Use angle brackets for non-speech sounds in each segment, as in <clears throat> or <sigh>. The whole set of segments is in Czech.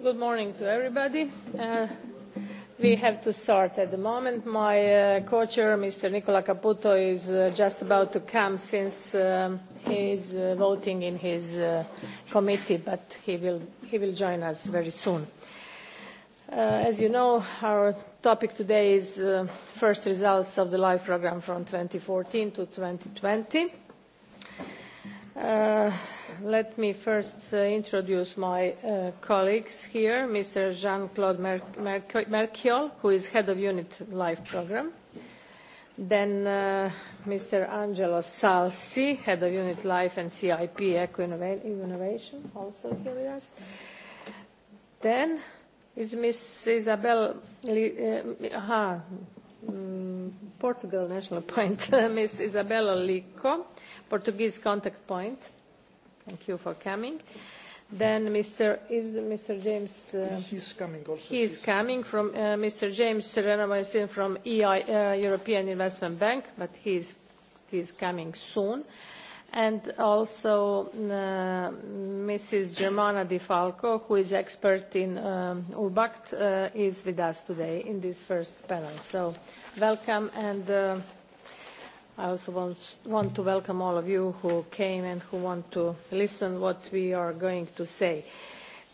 Good morning to everybody. Uh, we have to start at the moment. My uh, co-chair, Mr. Nicola Caputo, is uh, just about to come since um, he is uh, voting in his uh, committee, but he will, he will join us very soon. Uh, as you know, our topic today is uh, first results of the LIFE program from 2014 to 2020. Uh, let me first uh, introduce my uh, colleagues here, Mr. Jean-Claude Mer Mer Merchiol, who is head of Unit Life Program, then uh, Mr. Angelo Salsi, head of Unit Life and CIP Eco-Innovation, also here with us. Then is Ms. Isabel, uh, mm, Portugal National Point, <laughs> Ms. Isabella Lico, Portuguese Contact Point. Thank you for coming. Then Mr. is Mr. James. Uh, he's coming also. He's please. coming from uh, Mr. James Renamasin from EI, uh, European Investment Bank, but he's he's coming soon. And also uh, Mrs. Germana Di Falco, who is expert in um, UBACT, uh, is with us today in this first panel. So welcome and. Uh, i also want, want to welcome all of you who came and who want to listen what we are going to say.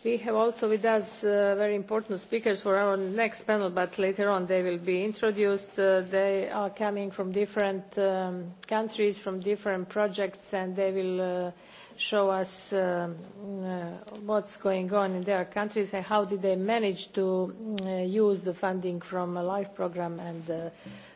We have also with us uh, very important speakers for our next panel, but later on they will be introduced. Uh, they are coming from different um, countries, from different projects, and they will uh, show us um, uh, what's going on in their countries and how did they manage to uh, use the funding from a LIFE program and uh,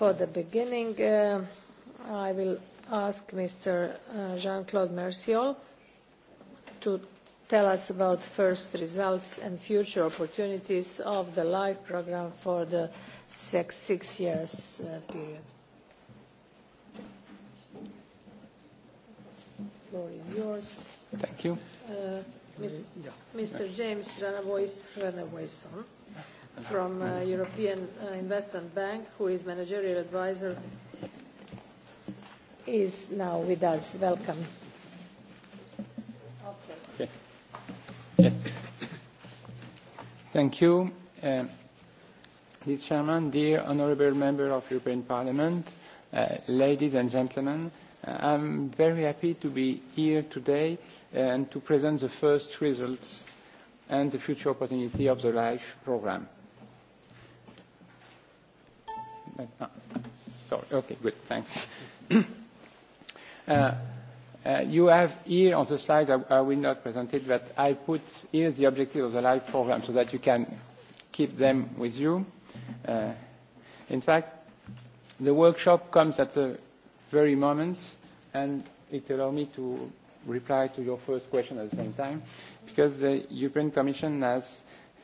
For the beginning, uh, I will ask Mr. Uh, Jean-Claude Mercier to tell us about first results and future opportunities of the LIFE program for the six, years uh, period. floor is yours. Thank you. Mr. James Mr. James Ranawayson from uh, European uh, Investment Bank, who is managerial advisor, is now with us. Welcome. Okay. Yes. Thank you. Uh, dear Chairman, dear honorable member of European Parliament, uh, ladies and gentlemen, uh, I'm very happy to be here today uh, and to present the first results and the future opportunity of the LIFE programme. Ah, sorry. Okay, good. Thanks. <coughs> Uh, uh, you have here on the slides, I, will not present it, but I put here the objective of the LIFE program so that you can keep them with you. Uh, in fact, the workshop comes at the very moment, and it allow me to reply to your first question at the same time, because the European Commission has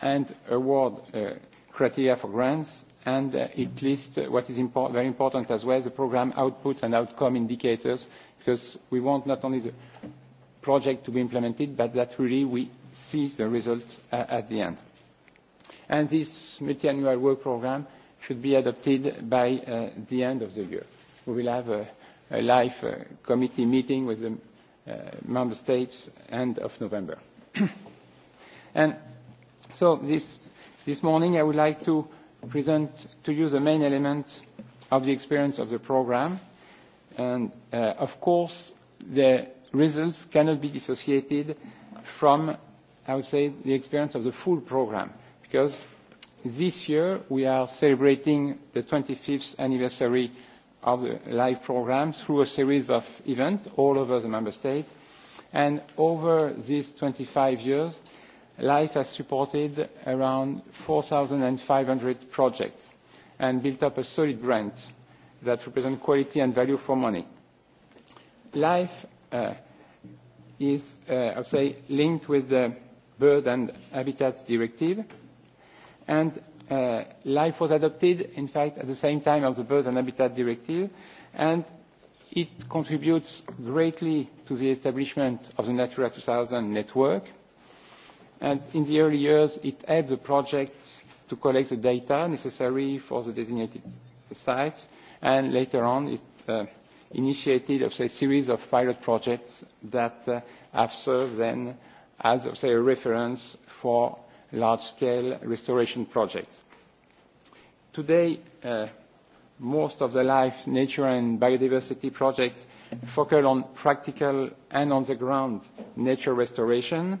and award uh, criteria for grants, and uh, it lists what is very important as well, the program outputs and outcome indicators, because we want not only the project to be implemented, but that really we see the results uh, at the end. And This multi-annual work program should be adopted by uh, the end of the year. We will have a, a live uh, committee meeting with the uh, member states end of November. <coughs> and So this, this morning I would like to present to you the main elements of the experience of the program. And uh, of course, the results cannot be dissociated from, I would say, the experience of the full program, because this year we are celebrating the 25th anniversary of the live program through a series of events all over the member state. And over these 25 years, Life has supported around 4,500 projects and built up a solid brand that represent quality and value for money. Life uh, is, uh, I would say, linked with the Bird and Habitats Directive, and uh, Life was adopted, in fact, at the same time as the Bird and Habitat Directive, and it contributes greatly to the establishment of the Natura 2000 network, and in the early years it helped the projects to collect the data necessary for the designated sites and later on it uh, initiated a series of pilot projects that uh, have served then as of, say, a reference for large-scale restoration projects. Today, uh, most of the life, nature, and biodiversity projects focus on practical and on-the-ground nature restoration,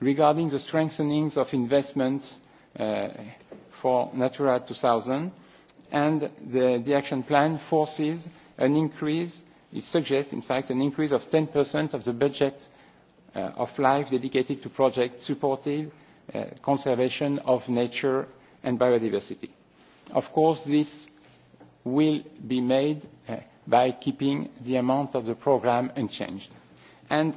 regarding the strengthening of investment uh, for Natura 2000, and the, the action plan forces an increase, it suggests, in fact, an increase of 10% of the budget uh, of life dedicated to projects supporting uh, conservation of nature and biodiversity. Of course, this will be made uh, by keeping the amount of the program unchanged. And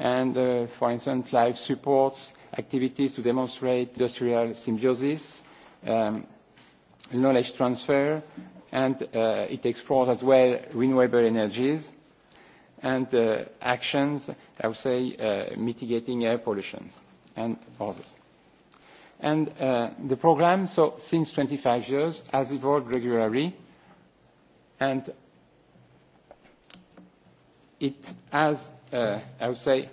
and, uh, for instance, life support activities to demonstrate industrial symbiosis, um, knowledge transfer, and uh, it explores as well renewable energies and uh, actions, I would say, uh, mitigating air pollution and others. And uh, the program, so since 25 years, has evolved regularly, and it has uh, I would say,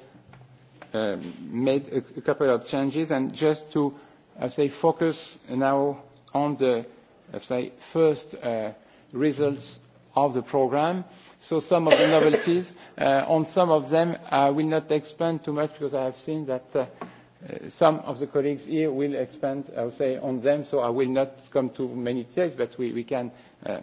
um, made a, a couple of changes and just to, I would say, focus now on the, I would say, first uh, results of the program. So some of the <coughs> novelties, uh, on some of them, I will not expand too much because I have seen that uh, uh, some of the colleagues here will expand, I would say, on them, so I will not come to many details, but we, we can uh,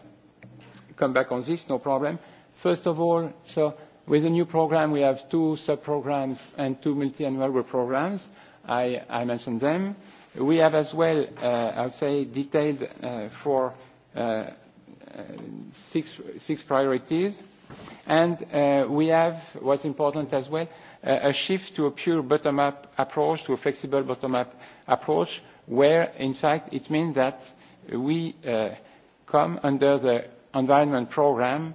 come back on this, no problem. First of all, so With the new program, we have two sub-programs and two multi-annual work programs. I, mentioned them. We have as well, uh, I I'll say, detailed uh, for uh, six, six priorities. And we have, what's important as well, a shift to a pure bottom-up approach, to a flexible bottom-up approach, where in fact it means that we come under the environment program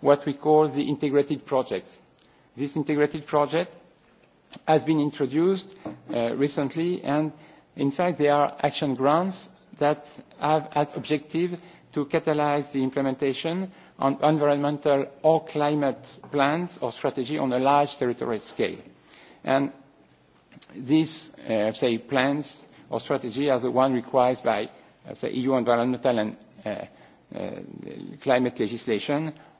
what we call the integrated projects. This integrated project has been introduced uh, recently, and in fact, they are action grants that have as objective to catalyze the implementation on environmental or climate plans or strategy on a large territorial scale. And these, uh, say, plans or strategy are the one required by, uh, say, EU environmental and uh, uh climate legislation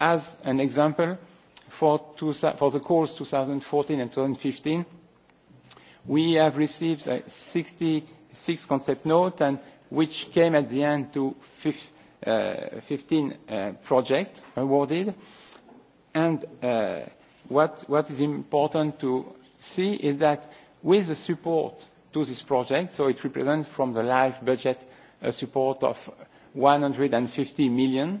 As an example, for, the calls 2014 and 2015, we have received 66 concept note, and which came at the end to 15 projects uh, uh, project awarded. And uh, what, is important to see is that with the support to this project, so it represents from the LIFE budget a support of 150 million,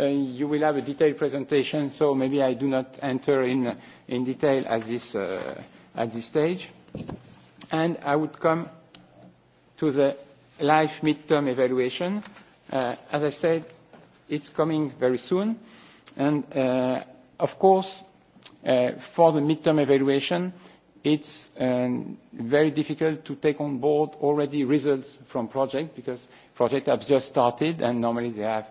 Uh, you will have a detailed presentation, so maybe I do not enter in, in detail at this, uh, at this stage. And I would come to the life midterm evaluation. Uh, as I said, it's coming very soon. And uh, of course, uh, for the midterm evaluation, it's um, very difficult to take on board already results from project because project have just started, and normally they have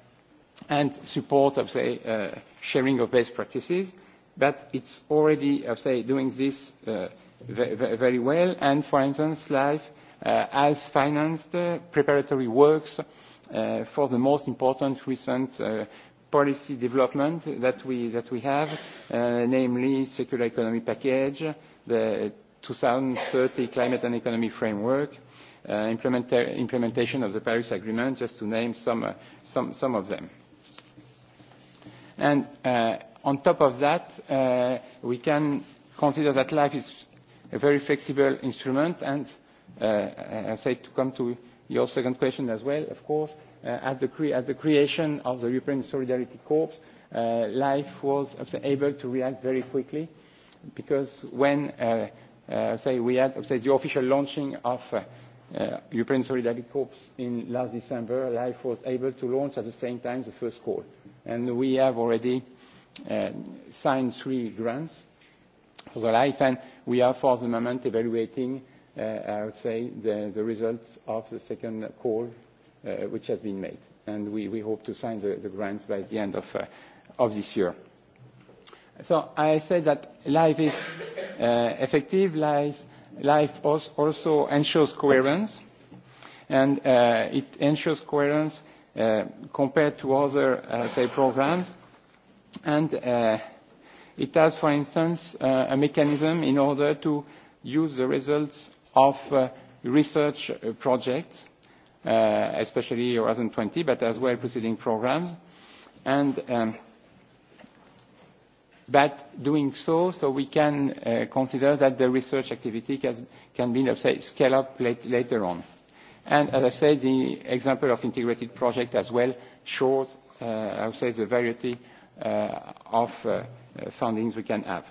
and support of say uh, sharing of best practices. But it's already of say doing this uh, very well. And for instance, Life has uh, financed preparatory works for the most important recent policy development that we have, namely circular economy package, the 2030 climate and economy framework, implementation of the Paris Agreement, just to name some of them. And uh, on top of that, uh, we can consider that life is a very flexible instrument. And uh, I say to come to your second question as well, of course, at, the creation of the European Solidarity Corps, life was able to react very quickly because when say we had the official launching of European Solidarity Corps in last December, life was able to launch at the same time the first call and we have already uh, signed three grants for the life, and we are for the moment evaluating, uh, I would say, the, results of the second call uh, which has been made. And we, hope to sign the, grants by the end of, this year. So I said that life is effective. Life, also ensures coherence, and it ensures coherence Uh, compared to other, uh, say, programs. And uh, it has, for instance, a mechanism in order to use the results of research projects, especially Horizon 20, but as well preceding programs. And um, but doing so, so we can consider that the research activity can, be, let's say, scale up later on. And as I said, the example of integrated project as well shows, uh, I would say, the variety uh, of uh, fundings we can have.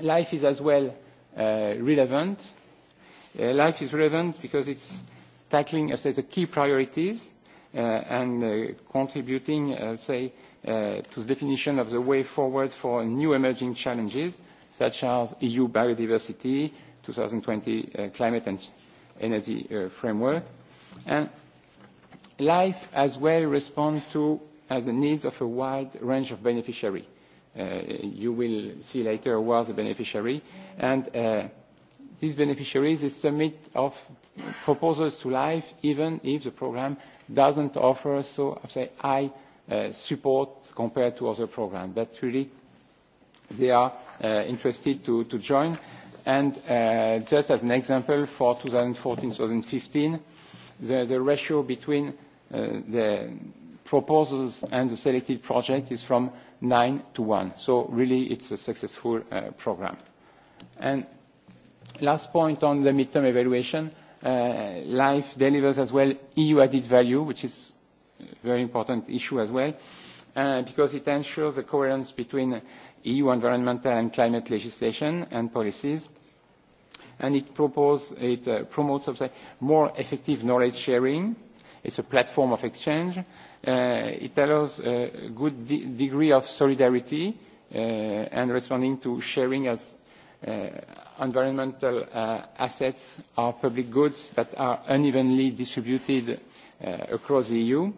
Life is as well uh, relevant. Uh, life is relevant because it's tackling, I say, the key priorities uh, and contributing, I would say, to the definition of the way forward for new emerging challenges such as EU biodiversity, 2020 climate and energy uh, framework. And life as well responds to as the needs of a wide range of beneficiaries. Uh, you will see later who are the beneficiary. And uh, these beneficiaries, they submit of proposals to life even if the program doesn't offer so say, high uh, support compared to other programs. But really, they are uh, interested to, to join And uh, just as an example, for 2014, 2015, the, ratio between uh, the proposals and the selected project is from 9 to 1. So really, it's a successful uh, program. And last point on the midterm evaluation, life delivers as well EU added value, which is a very important issue as well, because it ensures the coherence between EU environmental and climate legislation and policies and it, proposes, it uh, promotes say, more effective knowledge sharing. It's a platform of exchange. Uh, it allows a uh, good de degree of solidarity uh, and responding to sharing as uh, environmental uh, assets are public goods that are unevenly distributed uh, across the EU,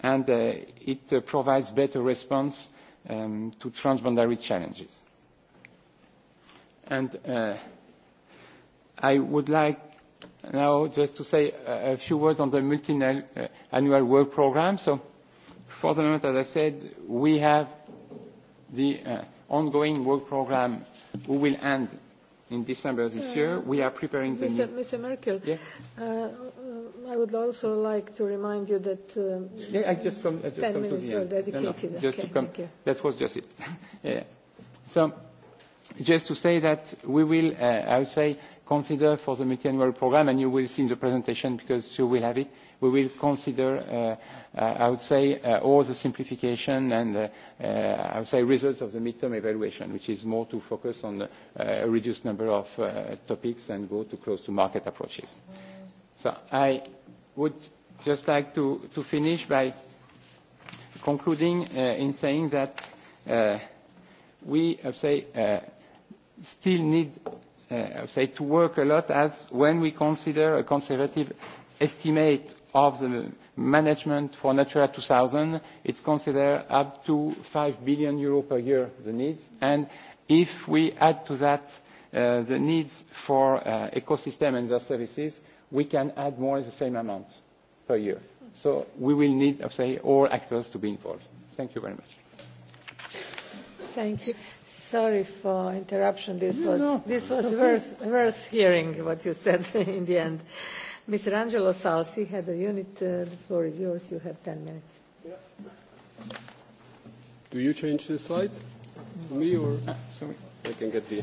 and uh, it uh, provides better response um, to transboundary challenges. And uh, i would like now just to say a, few words on the multi-annual uh, work program. So for the moment, as I said, we have the uh, ongoing work program who will end in December this hmm. year. We are preparing the Mr. new- Mr. Merkel. Yeah. Uh, uh, I would also like to remind you that- um, Yeah, I just come, I just 10 come minutes were dedicated. No, no, just okay, to come. That was just it. <laughs> yeah. So just to say that we will, uh, I would say, consider for the multi-annual program, and you will see in the presentation because you will have it, we will consider, uh, uh, I would say, uh, all the simplification and, uh, uh, I would say, results of the midterm evaluation, which is more to focus on uh, a reduced number of uh, topics and go to close-to-market approaches. So I would just like to, to finish by concluding uh, in saying that uh, we, I would say, uh, still need uh, say, to work a lot as when we consider a conservative estimate of the management for Natura 2000, it's considered up to 5 billion euro per year, the needs. And if we add to that uh, the needs for uh, ecosystem and their services, we can add more the same amount per year. So we will need, I'll say, all actors to be involved. Thank you very much. Thank you. Sorry for interruption. This no, was, no. This was worth, worth hearing what you said <laughs> in the end. Mr. Angelo Salsi, head of unit, uh, the floor is yours. You have 10 minutes. Yeah. Do you change the slides? Mm. Me or? Ah, sorry. I can get the.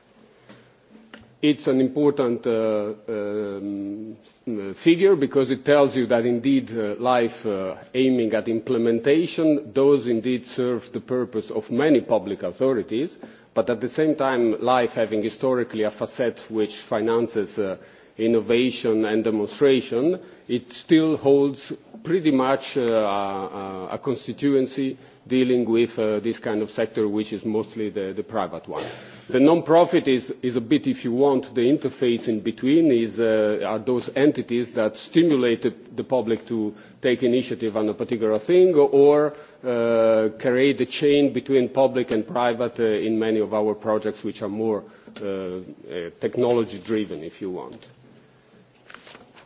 It's an important uh, um, uh, figure because it tells you that indeed uh, life aiming at implementation does indeed serve the purpose of many public authorities, but at the same time, life having historically a facet which finances innovation and demonstration, it still holds pretty much uh, a, uh, a constituency dealing with uh, this kind of sector, which is mostly the, the private one. The non-profit is, is a bit, if you want, the interface in between is, uh, are those entities that stimulate the public to take initiative on a particular thing or uh, create the chain between public and private uh, in many of our projects, which are more uh, uh, technology-driven, if you want.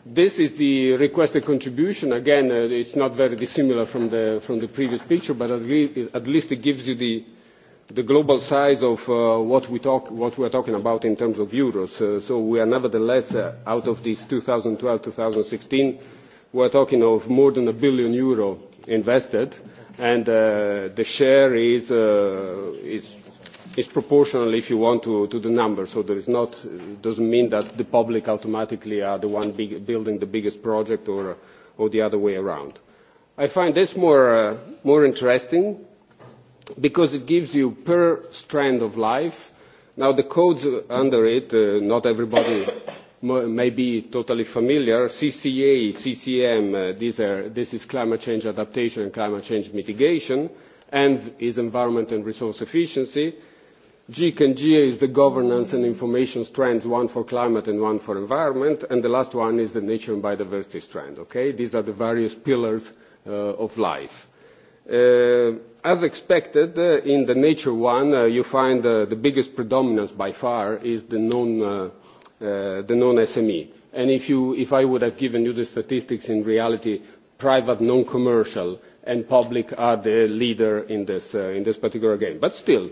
This is the requested contribution. Again, uh, it's not very dissimilar from the, from the previous picture, but at, le at least it gives you the, the global size of uh, what, we talk, what we are talking about in terms of euros. Uh, so we are nevertheless, uh, out of this 2012-2016, we are talking of more than a billion euro invested, and uh, the share is, uh, is is proportional if you want to, the numbers. So there is not, it doesn't mean that the public automatically are the one big, building the biggest project or, the other way around. I find this uh, more, interesting because it gives you per strand of life. Now the codes under it, uh, not everybody <coughs> may be totally familiar. CCA, CCM, uh, these are, this is climate change adaptation and climate change mitigation, and is environment and resource efficiency GIC and GIA is the governance and information strands, one for climate and one for environment, and the last one is the nature and biodiversity strand, okay? These are the various pillars uh, of life. Uh, as expected, uh, in the nature one, uh, you find uh, the biggest predominance by far is the non, uh, uh, the non-SME. And if, you, if I would have given you the statistics, in reality, private non-commercial and public are the leader in this, uh, in this particular game. But still,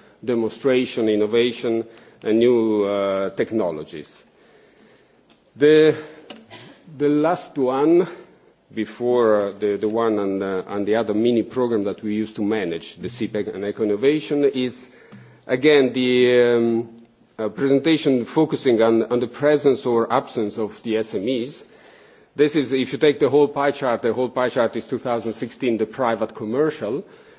demonstration, innovation, and new uh, technologies. The, the last one, before uh, the, the one and, the, uh, and the other mini program that we used to manage, the CPEC e and Eco-Innovation, is again the um, uh, presentation focusing on, on the presence or absence of the SMEs. This is, if you take the whole pie chart, the whole pie chart is 2016, the private commercial. Uh,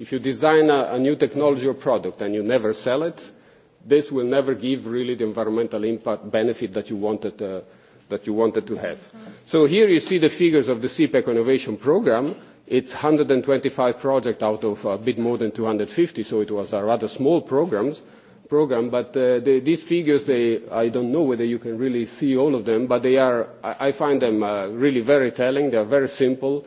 If you design a, new technology or product and you never sell it, this will never give really the environmental impact benefit that you wanted, uh, that you wanted to have. So here you see the figures of the CPEC e Innovation Program. It's 125 projects out of a bit more than 250, so it was a rather small programs, program. But uh, the, these figures, they, I don't know whether you can really see all of them, but they are, I, I find them uh, really very telling. They are very simple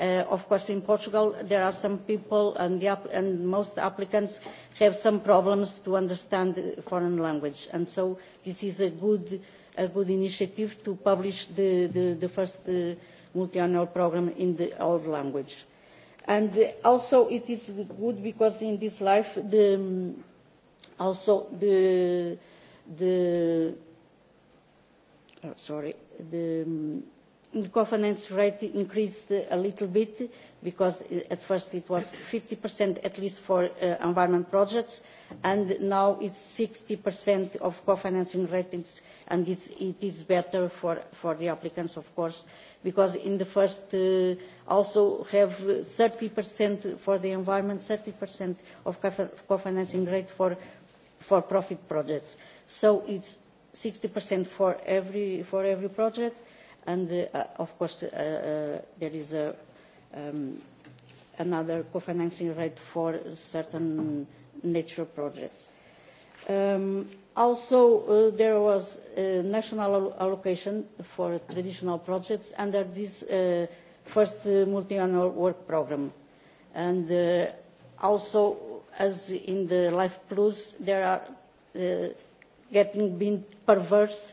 Uh, of course, in Portugal, there are some people and, the, and most applicants have some problems to understand foreign language. And so this is a good, a good initiative to publish the, the, the first uh, multi-annual program in the old language. And also it is good because in this life, the, um, also the, the, oh, sorry, the, um, governance rate increased a little bit because at first it was 50% at least for uh, environment projects and now it's 60% of co-financing ratings and it is better for, the applicants of course because in the first uh, also have 30% for the environment, 30% of co-financing rate for, profit projects. So it's 60% for for every project And uh, uh, of course, uh, uh, there is a, uh, um, another co-financing rate for certain nature projects. Um, also, uh, there was a national allocation for traditional projects under this uh, first uh, multi-annual work program. And uh, also, as in the Life Plus, there are uh, getting being perverse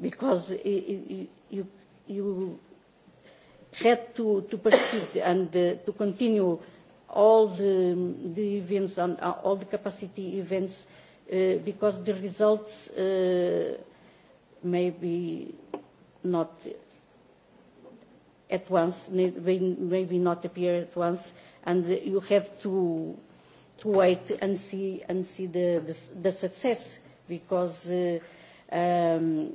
because you, you had to, to participate and uh, to continue all the, the events, on, uh, all the capacity events, uh, because the results uh, may be not at once, maybe not appear at once, and you have to, to wait and see, and see the, the, the success, because uh, um,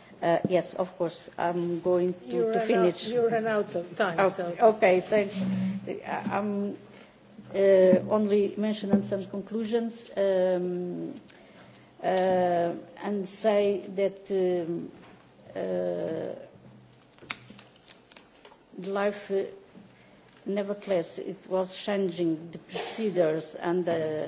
Uh, yes, of course, I'm going to, you to finish. Out, you ran out of time. Okay, so. okay thanks. Uh, I'm uh, only mentioning some conclusions um, uh, and say that um, uh, life, uh, nevertheless, it was changing the procedures and the uh,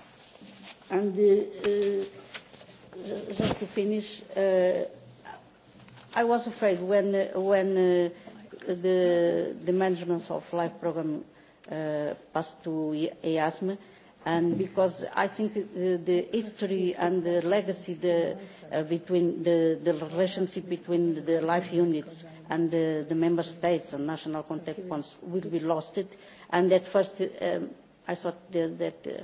And the, uh, uh, just to finish, uh, I was afraid when, uh, when uh, the, the management of life program uh, passed to EASM, and because I think the, the history and the legacy the, uh, between the, the relationship between the life units and the, the member states and national contact points will be lost. And at first, um, I thought that, that uh,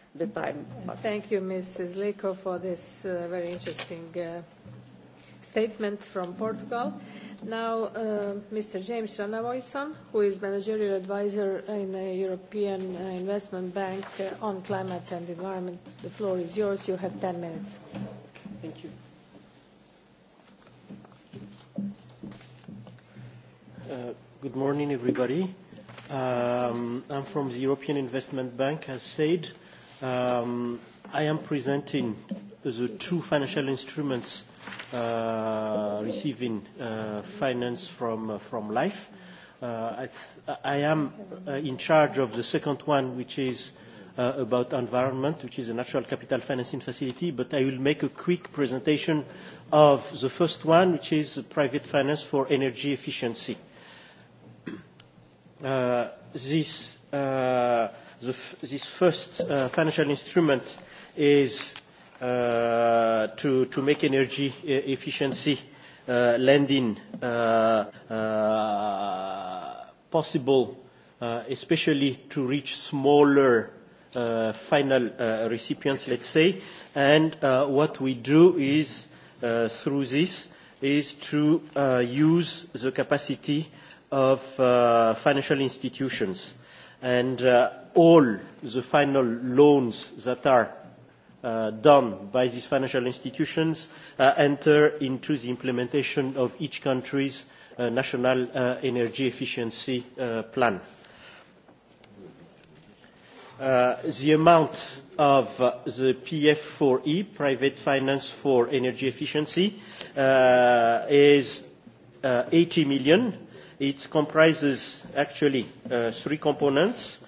the time. thank you, Mrs. Lico, for this uh, very interesting uh, statement from Portugal. Now, uh, Mr. James Ranavoisan, who is managerial advisor in the European Investment Bank on climate and environment. The floor is yours. You have 10 minutes. Thank you. good morning, everybody. Um, I'm from the European Investment Bank, as said. Um, I am presenting the two financial instruments uh, receiving uh, finance from, uh, from life. Uh, I, I am uh, in charge of the second one, which is uh, about environment, which is a natural capital financing facility, but I will make a quick presentation of the first one, which is private finance for energy efficiency. This the this first uh, financial instrument is uh, to, to make energy e, efficiency uh, lending uh, uh, possible, uh, especially to reach smaller uh, final uh, recipients, let's say. And uh, what we do is, uh, through this, is to uh, use the capacity of uh, financial institutions. And uh, all the final loans that are uh, done by these financial institutions uh, enter into the implementation of each country's uh, national uh, energy efficiency uh, plan. Uh, the amount of uh, the PF4E, Private Finance for Energy Efficiency, uh, is uh, 80 million. It comprises actually uh, three components. Uh,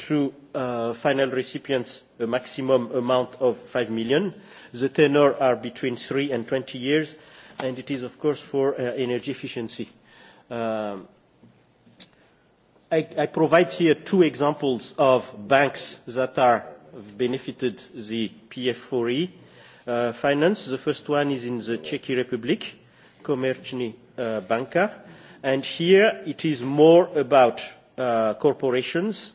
to uh, final recipients a maximum amount of eur five million. The tenor are between three and twenty years, and it is, of course, for uh, energy efficiency. Um, I, I provide here two examples of banks that are benefited the PF4E uh, finance. The first one is in the Czech Republic, Komerční uh, Banka, and here it is more about uh, corporations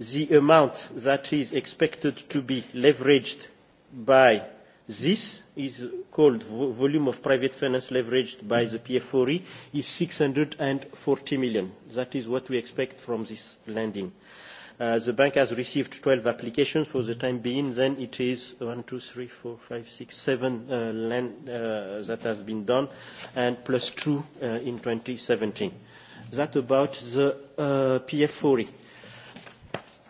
the amount that is expected to be leveraged by this is called volume of private finance leveraged by the PF4E is 640 million. That is what we expect from this lending. Uh, the bank has received 12 applications for the time being. Then it is one, two, three, four, five, six, seven uh, land uh, that has been done, and plus two uh, in 2017. That about the uh, PF4E.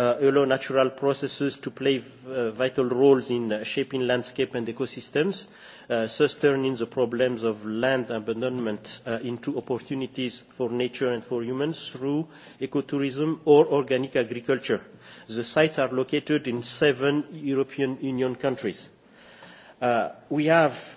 uh, allow natural processes to play uh, vital roles in uh, shaping landscape and ecosystems, uh, thus turning the problems of land abandonment uh, into opportunities for nature and for humans through ecotourism or organic agriculture. The sites are located in seven European Union countries. Uh, we have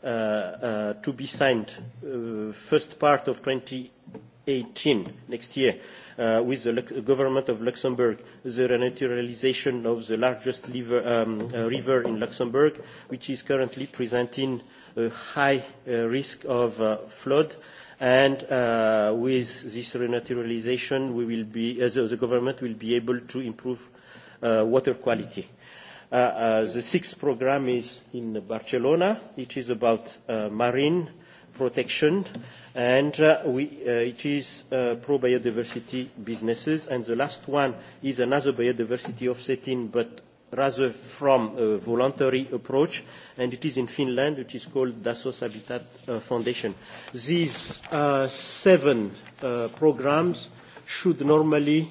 Uh, uh, to be signed uh, first part of 2018, next year, uh, with the Lux government of Luxembourg, the renaturalization of the largest liver, um, uh, river in Luxembourg, which is currently presenting a high uh, risk of uh, flood. And uh, with this renaturalization, we will be, as uh, the government will be able to improve uh, water quality Uh, uh, the sixth program is in Barcelona. It is about uh, marine protection, and uh, we, uh, it is uh, pro-biodiversity businesses. And the last one is another biodiversity offsetting, but rather from a voluntary approach, and it is in Finland, which is called Dassos Habitat uh, Foundation. These uh, seven uh, programs should normally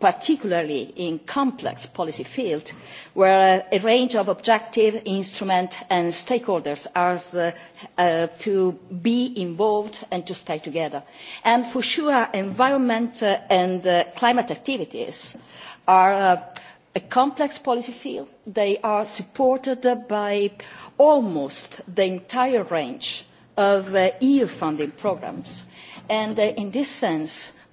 particularly in complex policy fields where a range of objective instruments and stakeholders are uh, to be involved and to stay together. And for sure, environment uh, and uh, climate activities are a complex policy field. They are supported by almost the entire range of EU funding programmes. And in this sense,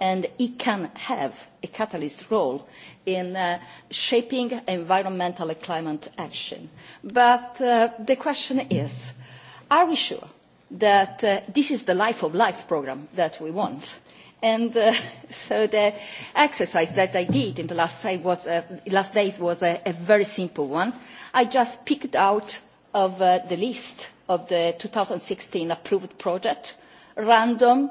and it can have a catalyst role in uh, shaping environmental and climate action. But uh, the question is, are we sure that uh, this is the Life of Life programme that we want? And uh, <laughs> so the exercise that I did in the last, day was, uh, last days was a, a very simple one. I just picked out of uh, the list of the 2016 approved project random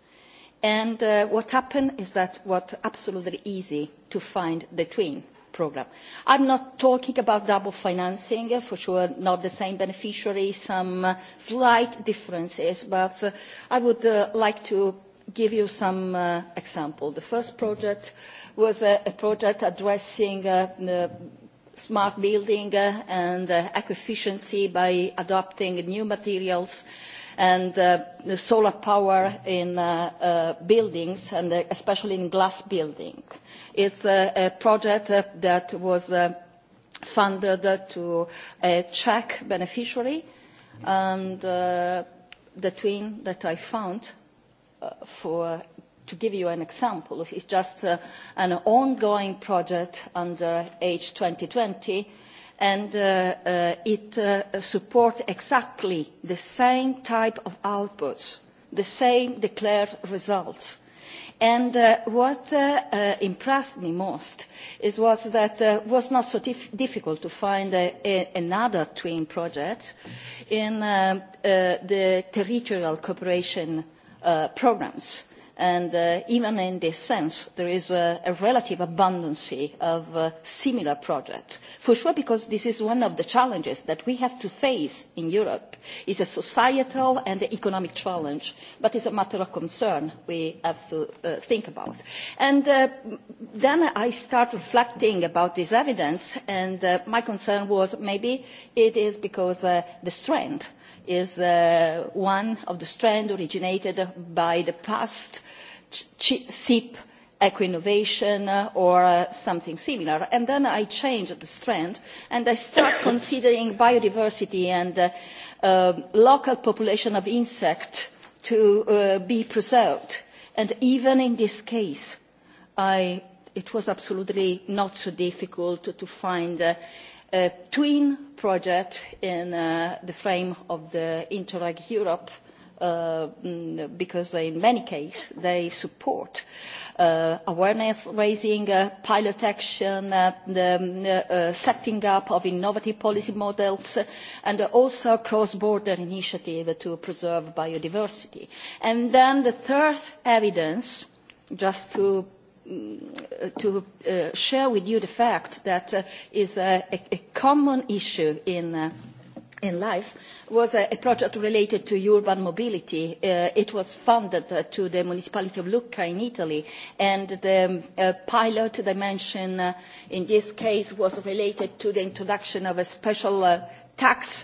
And uh, what happened is that it was absolutely easy to find the twin programme. I'm not talking about double financing, uh, for sure not the same beneficiary, some uh, slight differences, but uh, I would uh, like to give you some uh, example. The first project was a, a project addressing uh, smart building uh, and eco-efficiency by adopting new materials uh, and uh, solar power in uh, uh, buildings and especially in glass buildings. It's a, a project that was funded to check Czech beneficiary and the twin that I found for to give you an example, is just uh, an ongoing project under H2020 and uh, uh, it uh, supports exactly the same type of outputs, the same declared results. And uh, what uh, uh, impressed me most is was that it was not so dif difficult to find a, a, another twin project in the territorial cooperation programmes and uh, even in this sense there is a, a relative abundance of uh, similar projects for sure because this is one of the challenges that we have to face in europe is a societal and economic challenge but it's a matter of concern we have to uh, think about and uh, then i start reflecting about this evidence and uh, my concern was maybe it is because uh, the strength is one of the strands originated by the past SIP equinovation uh, or uh, something similar. And then I changed the strand and I start <coughs> considering biodiversity and uh, uh, local population of insects to uh, be preserved. And even in this case, I, it was absolutely not so difficult to, to find a, a twin project in the frame of the Interreg Europe uh, Uh, mm, because in many cases they support uh, awareness raising, uh, pilot action, uh, the um, uh, setting up of innovative policy models, uh, and also cross-border initiative to preserve biodiversity. And then the third evidence, just to mm, to uh, share with you the fact that uh, is a, a, common issue in, uh, in life was a, project related to urban mobility. Uh, it was funded uh, to the municipality of Lucca in Italy, and the um, pilot dimension uh, in this case was related to the introduction of a special uh, tax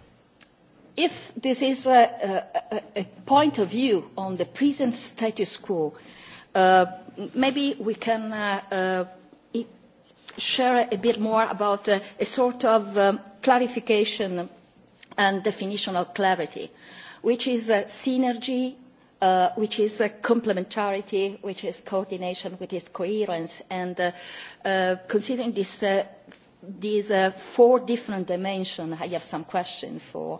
if this is a, point of view on the present status quo, uh, maybe we can uh, uh, share a bit more about a sort of clarification and definition of clarity, which is a synergy, uh, which is a complementarity, which is coordination, which is coherence, and uh, uh, considering this, uh, these uh, four different dimensions, I have some questions for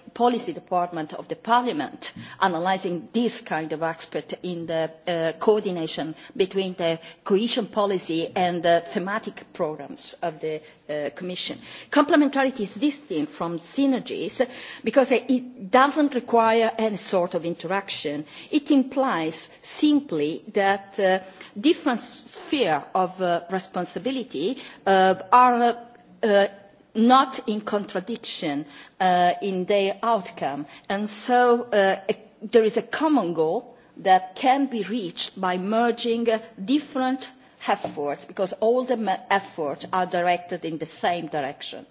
policy department of the parliament analysing this kind of aspect in the uh, coordination between the cohesion policy and the thematic programmes of the uh, commission. complementarity is distinct from synergies because it doesn't require any sort of interaction. it implies simply that uh, different spheres of uh, responsibility uh, are uh, not in contradiction uh, in their outcome. And so uh, a, there is a common goal that can be reached by merging uh, different efforts, because all the efforts are directed in the same direction.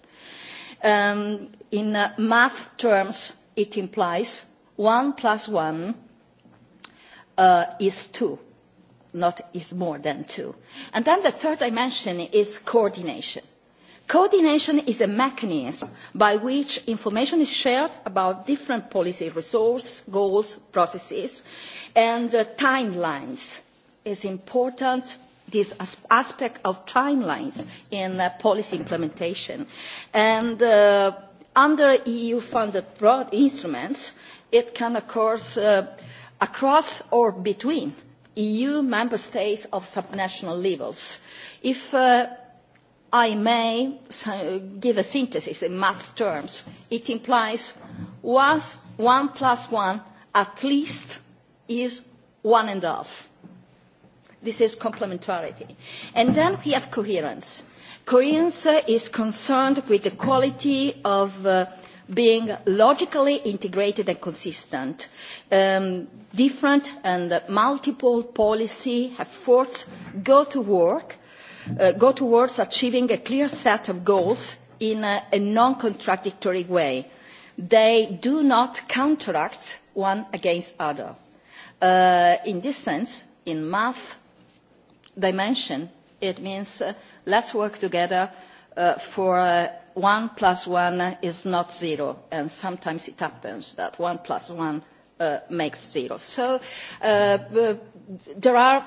Um, in uh, math terms, it implies one plus one uh, is two, not is more than two. And then the third dimension is coordination Coordination is a mechanism by which information is shared about different policy resources, goals, processes, and uh, timelines. is important this as aspect of timelines in uh, policy implementation. And uh, under EU-funded broad instruments, it can occur uh, across or between EU member states of subnational levels. If uh, i may eh, give a synthesis in math terms. It implies was one plus one at least is one and a half. This is complementarity. And then we have coherence. Coherence is concerned with the quality of uh, being logically integrated and consistent. Um, different and multiple policy efforts go to work Uh, go towards achieving a clear set of goals in a, a non-contradictory way. They do not counteract one against other. Uh, in this sense, in math dimension, it means uh, let's work together uh, for uh, one plus one is not zero, and sometimes it happens that one plus one uh, makes zero. So uh, uh there are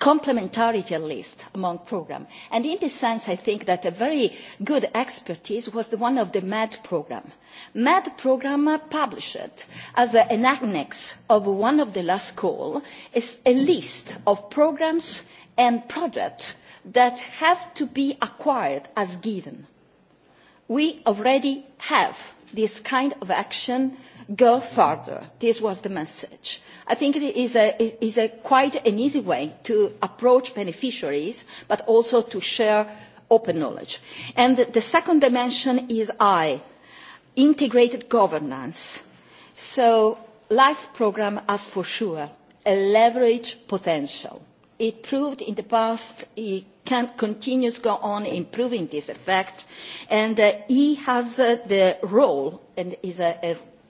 complementarity at least among programmes and in this sense i think that a very good expertise was the one of the med programme. med programme published as an annex of one of the last call is a list of programmes and projects that have to be acquired as given. we already have this kind of action go further. This was the message. I think it is, a, it is a quite an easy way to approach beneficiaries, but also to share open knowledge. And the second dimension is I, integrated governance. So life programme has for sure a leverage potential. It proved in the past it can continue to go on improving this effect, and uh, he has uh, the role and is a, a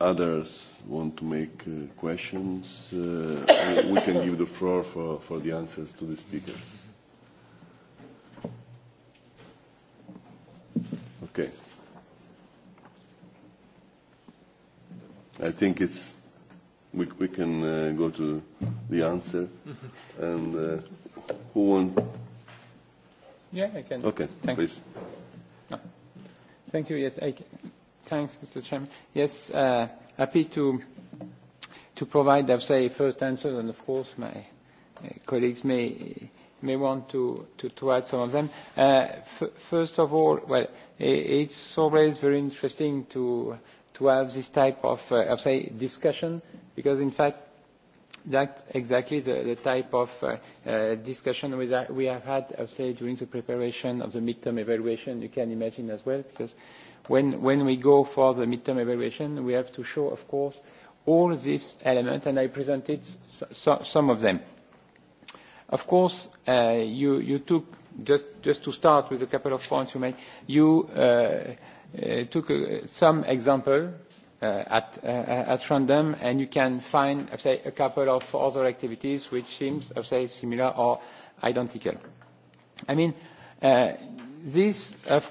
others want to make uh, questions, uh, we can give the floor for, for the answers to the speakers. Okay. I think it's we, we can uh, go to the answer. Mm-hmm. and uh, who won? Yeah, I can. Okay, Thanks. please. No. Thank you. Yes, I can. Thanks, Mr. Chairman. Yes, uh, happy to to provide, I'll say, first answer, and of course, my uh, colleagues may may want to to, to add some of them. Uh, f first of all, well, it's always very interesting to to have this type of, uh, I'll say, discussion because, in fact, that's exactly the, the type of uh, uh, discussion we, that we have had, I'll say, during the preparation of the midterm evaluation. You can imagine as well, because when, when we go for the midterm evaluation, we have to show, of course, all these elements, and I presented so, some of them. Of course, uh, you, you took, just, just to start with a couple of points you made, you uh, uh, took uh, some example uh, at, uh, at random, and you can find, I'd say, a couple of other activities which seems, I'd say, similar or identical. I mean, this, of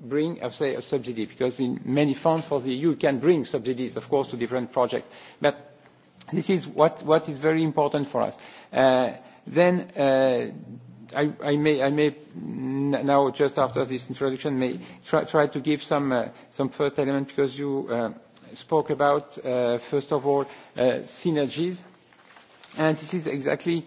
bring, I uh, say, a subsidy, because in many funds for the EU, you can bring subsidies, of course, to different projects. But this is what, what is very important for us. Uh, then uh, I, I, may, I may now, just after this introduction, may try, try to give some, uh, some first element, because you uh, spoke about, uh, first of all, synergies. And this is exactly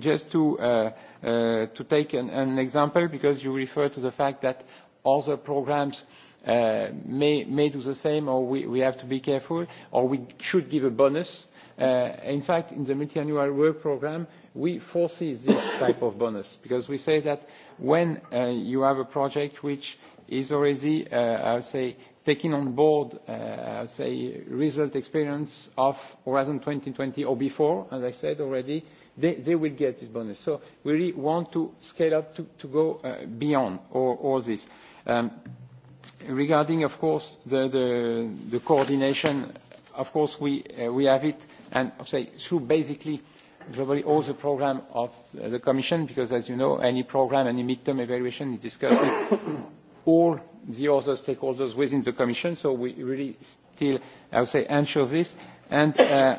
just to, uh, uh, take an, example, because you refer to the fact that other programs uh, may, do the same, or we, have to be careful, or we should give a bonus. In fact, in the multi-annual work program, we foresee this <coughs> type of bonus because we say that when you have a project which is already, I would say, taking on board, I would say, result experience of Horizon 2020 or before, as I said already, they, will get this bonus. So we really want to scale up to, to go uh, beyond all, all this. Um, regarding, of course, the, the, the coordination, of course, we, uh, we have it, and I'll say through basically globally all the program of the Commission, because as you know, any program, any midterm evaluation is discussed with all the other stakeholders within the Commission. So we really still, I would say, ensure this. And uh,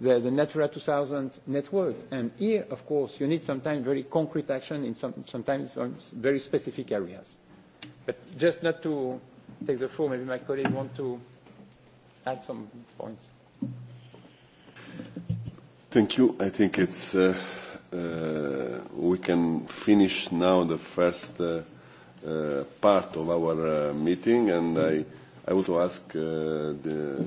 the, the Natura 2000 network. And here, of course, you need sometimes very concrete action in some, sometimes very specific areas. But just not to take the floor, maybe my colleague want to add some points. Thank you. I think it's uh, uh, we can finish now the first uh, uh part of our uh, meeting, and I, I want to ask uh, the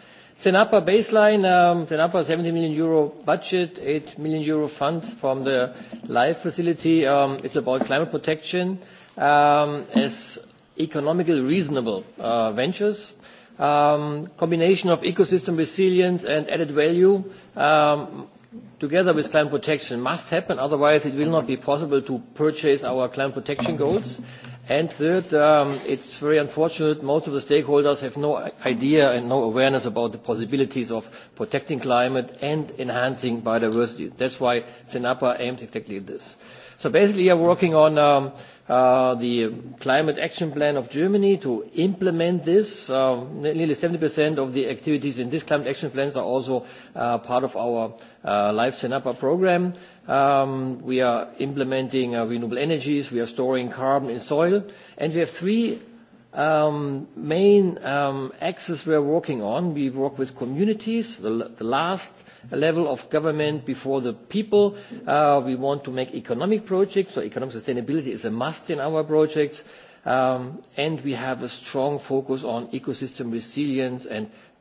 CENAPA baseline, um, CENAPA 70 million euro budget, 8 million euro fund from the LIFE facility. Um, it's about climate protection um, as economically reasonable uh, ventures. Um, combination of ecosystem resilience and added value um, together with climate protection must happen, otherwise it will not be possible to purchase our climate protection goals. And third, um, it's very unfortunate most of the stakeholders have no idea and no awareness about the possibilities of protecting climate and enhancing biodiversity. That's why CENAPA aims exactly at this. So basically, we are working on um, uh, the climate action plan of Germany to implement this. Um, nearly 70% of the activities in this climate action plans are also uh, part of our uh, Life CENAPA program. Um, we are implementing uh, renewable energies. We are storing carbon in soil. And we have three um, main um, axes we are working on. We work with communities, the, last level of government before the people. Uh, we want to make economic projects, so economic sustainability is a must in our projects. and we have a strong focus on ecosystem resilience and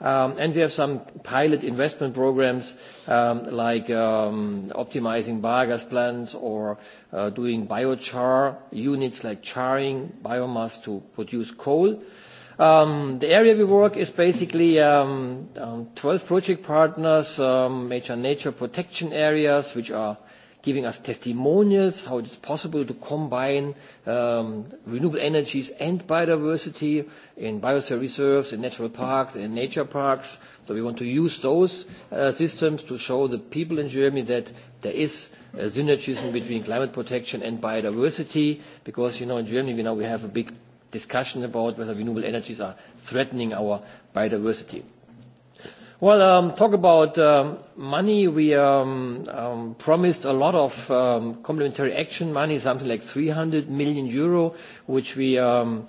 Um, and we have some pilot investment programs um, like um, optimizing biogas plants or uh, doing biochar units like charring biomass to produce coal. the area we work is basically 12 project partners, major nature protection areas, which are giving us testimonials how it is possible to combine renewable energies and biodiversity in biosphere reserves, in natural parks, in nature parks. So we want to use those uh, systems to show the people in Germany that there is a uh, synergism between climate protection and biodiversity, because, you know, in Germany, we now we have a big discussion about whether renewable energies are threatening our biodiversity. Well, um, talk about um, money. We um, um promised a lot of um, complementary action money, something like 300 million euro, which we um,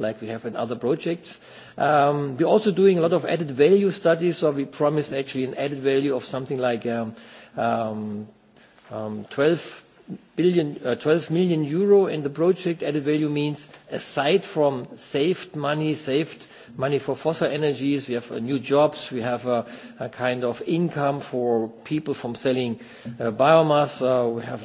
like we have in other projects. Um, we're also doing a lot of added value studies, so we promised actually an added value of something like 12 um, um, billion, 12 uh, million euro in the project. Added value means aside from saved money, saved money for fossil energies, we have uh, new jobs, we have a kind of income for people from selling uh, biomass, we have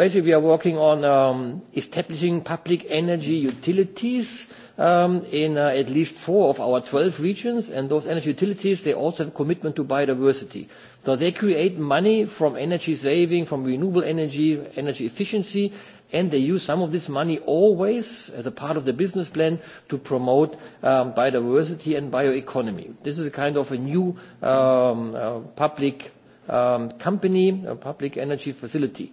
Basically, we are working on um, establishing public energy utilities um, in uh, at least four of our 12 regions, those energy utilities, they also have a commitment to biodiversity. they create money from energy saving, from renewable energy, efficiency, and they use some of this money always as a part of the business plan to promote um, biodiversity and bioeconomy. This is a kind of a new uh, public company, a public energy facility.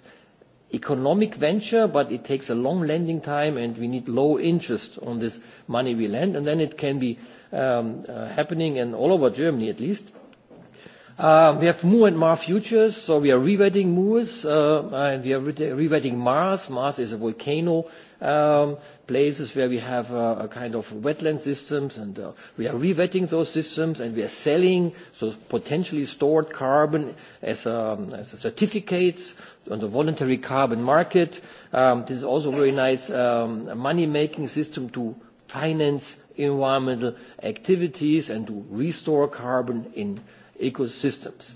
economic venture, but it takes a long lending time, and we need low interest on this money we lend, and then it can be um, uh, happening in all over Germany at least. Uh, we have Moore and Mar futures, so we are rewetting Moors, uh, and we are rewetting Mars. Mars is a volcano um, places where we have a, kind of wetland systems, and uh, we are re-wetting those systems, and we are selling so potentially stored carbon um, as, certificates on the voluntary carbon market. Um, this is also a very nice um, money-making system to finance environmental activities and to restore carbon in ecosystems.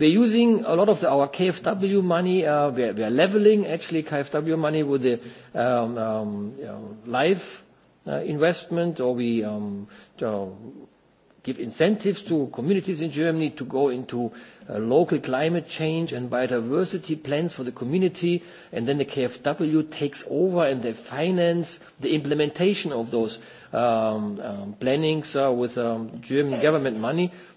We're using a lot of our KfW money. Uh, we are leveling actually KfW money with the um, um, uh, life uh, investment, or we um, give incentives to communities in Germany to go into local climate change and biodiversity plans for the community, and then the KfW takes over and they finance the implementation of those plannings with German government money.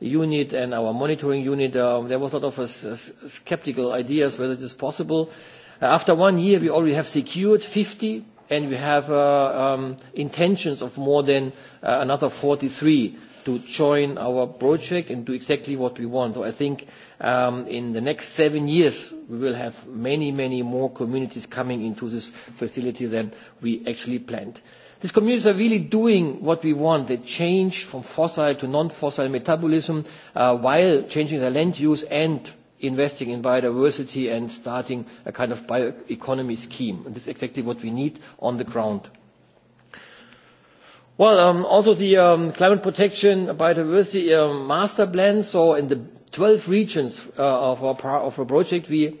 unit and our monitoring unit, uh, there was a lot of uh, skeptical ideas whether it is possible. Uh, after one year, we already have secured 50, and we have uh, um, intentions of more than uh, another 43 to join our project and do exactly what we want. So I think um, in the next seven years, we will have many, many more communities coming into this facility than we actually planned. These communities are really doing what we want. They change from fossil to non-fossil metabolism uh, while changing their land use and investing in biodiversity and starting a kind of bioeconomy scheme. And this is exactly what we need on the ground. Well, um, also the um, climate protection biodiversity um, master plan. So in the 12 regions uh, of, our, of our project, we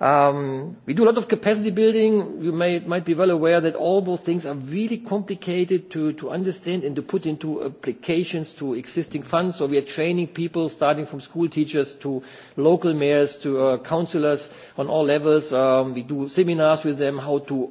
Um, we do a lot of capacity building. You may, might be well aware that all those things are really complicated to, to understand and to put into applications to existing funds. So we are training people, starting from school teachers to local mayors to uh, councillors on all levels. Um, we do seminars with them how to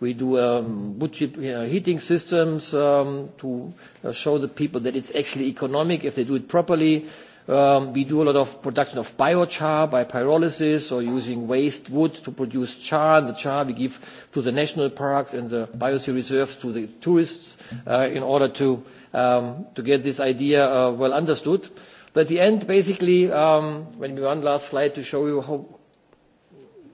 We do um, wood chip uh, heating systems um, to uh, show the people that it's actually economic if they do it properly. Um, we do a lot of production of biochar by pyrolysis or using waste wood to produce char. The char we give to the national parks and the biosphere reserves to the tourists uh, in order to, um, to get this idea uh, well understood. But at the end, basically, um, when we run last slide to show you how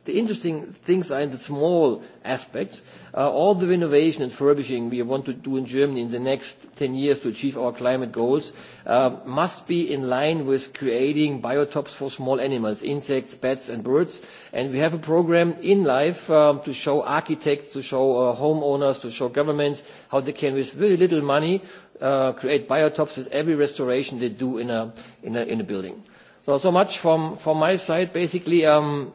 the interesting things are in the small aspects. Uh, all the renovation and furbishing we want to do in Germany in the next 10 years to achieve our climate goals uh, must be in line with creating biotopes for small animals, insects, bats, and birds. And we have a program in life um, to show architects, to show uh, homeowners, to show governments how they can, with very little money, uh, create biotopes with every restoration they do in a, in a, in a building. So, so much from, from my side. Basically, um,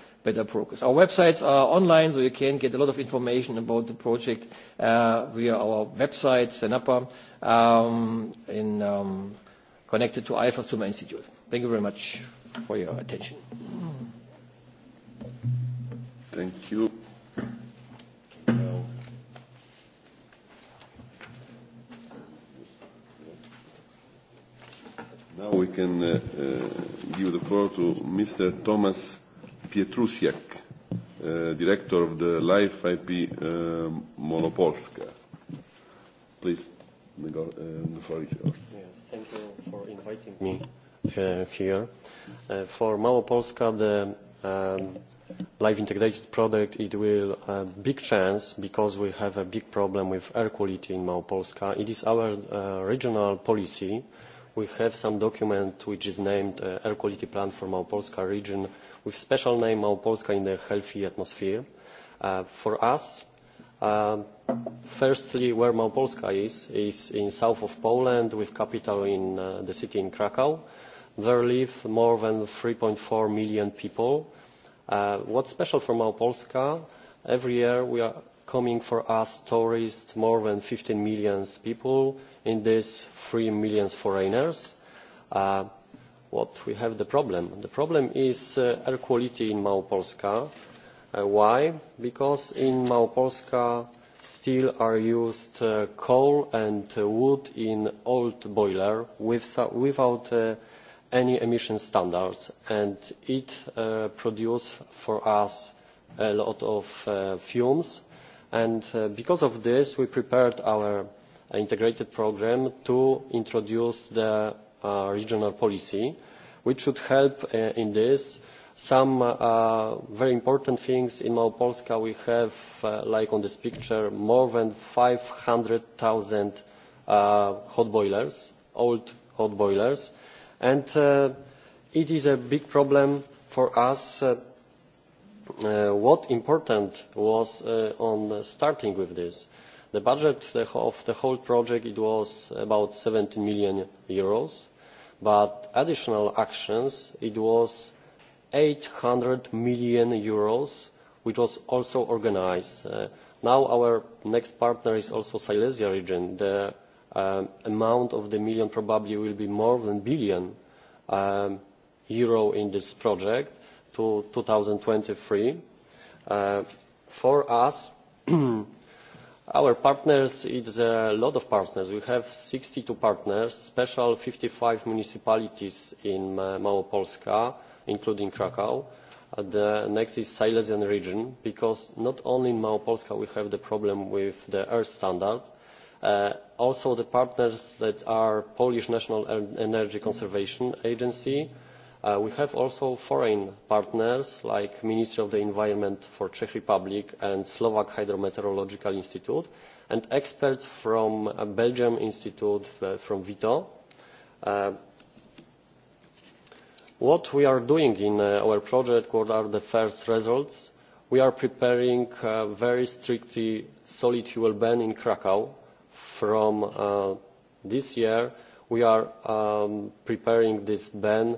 better progress. Our websites are online, so you can get a lot of information about the project uh, via our website, CENAPA, um, um, connected to IFAS Tumor Institute. Thank you very much for your attention. Thank you. Now, we can uh, uh, give the floor to Mr. Thomas Pietrusiak, uh, director of the Life IP uh, eh, Monopolska. Please, go, uh, the floor is yours. Yes, thank you for inviting me uh, here. Uh, for Małopolska, the um, live integrated product, it will a uh, big chance because we have a big problem with air quality in Małopolska. It is our uh, regional policy we have some document which is named uh, Air Quality Plan for Małopolska region with special name Małopolska in the Healthy Atmosphere. Uh, for us, uh, firstly, where Małopolska is, is in south of Poland with capital in uh, the city in Krakow. There live more than 3.4 million people. Uh, what's special for Małopolska, every year we are coming for us tourists, more than 15 million people, in this 3 million foreigners. Uh, what we have the problem? The problem is uh, air quality in Małopolska. Uh, why? Because in Małopolska still are used uh, coal and uh, wood in old boiler with, without uh, any emission standards and it uh, produces for us a lot of uh, fumes and uh, because of this we prepared our uh, integrated programme to introduce the uh, regional policy which should help in this. Some very important things in Małopolska we have, like on this picture, more than five hundred uh, hot boilers, old hot boilers, and it is a big problem for us Uh, what important was uh, on starting with this. The budget of the whole project was about eur 17 million but additional actions it was eight hundred million euros, which was also organised. Uh, now our next partner is also Silesia region. The uh, amount of the million probably will be more than a billion um, euro in this project to 2023. Uh, for us, <clears throat> our partners, it's a lot of partners. We have 62 partners, special 55 municipalities in uh, Małopolska, including Kraków. Uh, the next is Silesian region, because not only in Małopolska we have the problem with the air standard, also the partners that are Polish National Energy Conservation Agency, Uh, we have also foreign partners like Ministry of the Environment for Czech Republic and Slovak Hydrometeorological Institute and experts from the uh, Belgium Institute uh, from Vito. what we are doing in our project, what are the first results? We are preparing a very strictly solid fuel ban in Krakow from uh, this year. We are um, preparing this ban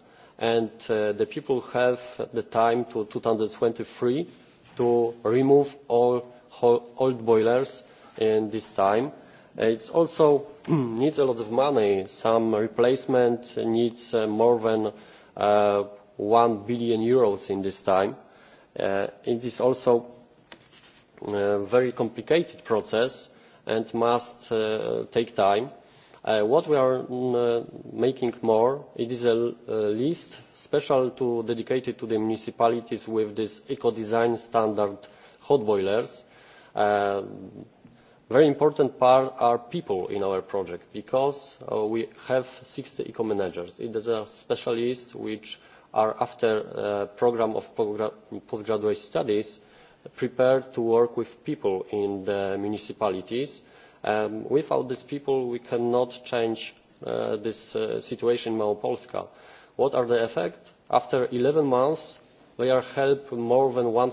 and uh, the people have the time to 2023 to remove all old boilers in this time. It also <clears throat> needs a lot of money. Some replacement needs uh, more than uh, 1 billion euros in this time. Uh, it is also a uh, very complicated process and must take time Uh, what we are mm, uh, making more it is a, list special to, dedicated to the municipalities with this eco design standard hot boilers. a uh, very important part are people in our project because we have sixty eco managers. it is a specialist which are after a programme of postgraduate studies prepared to work with people in the municipalities Um, without these people, we cannot change uh, this uh, situation in Małopolska. What are the effects? After 11 months, they are helped more than zero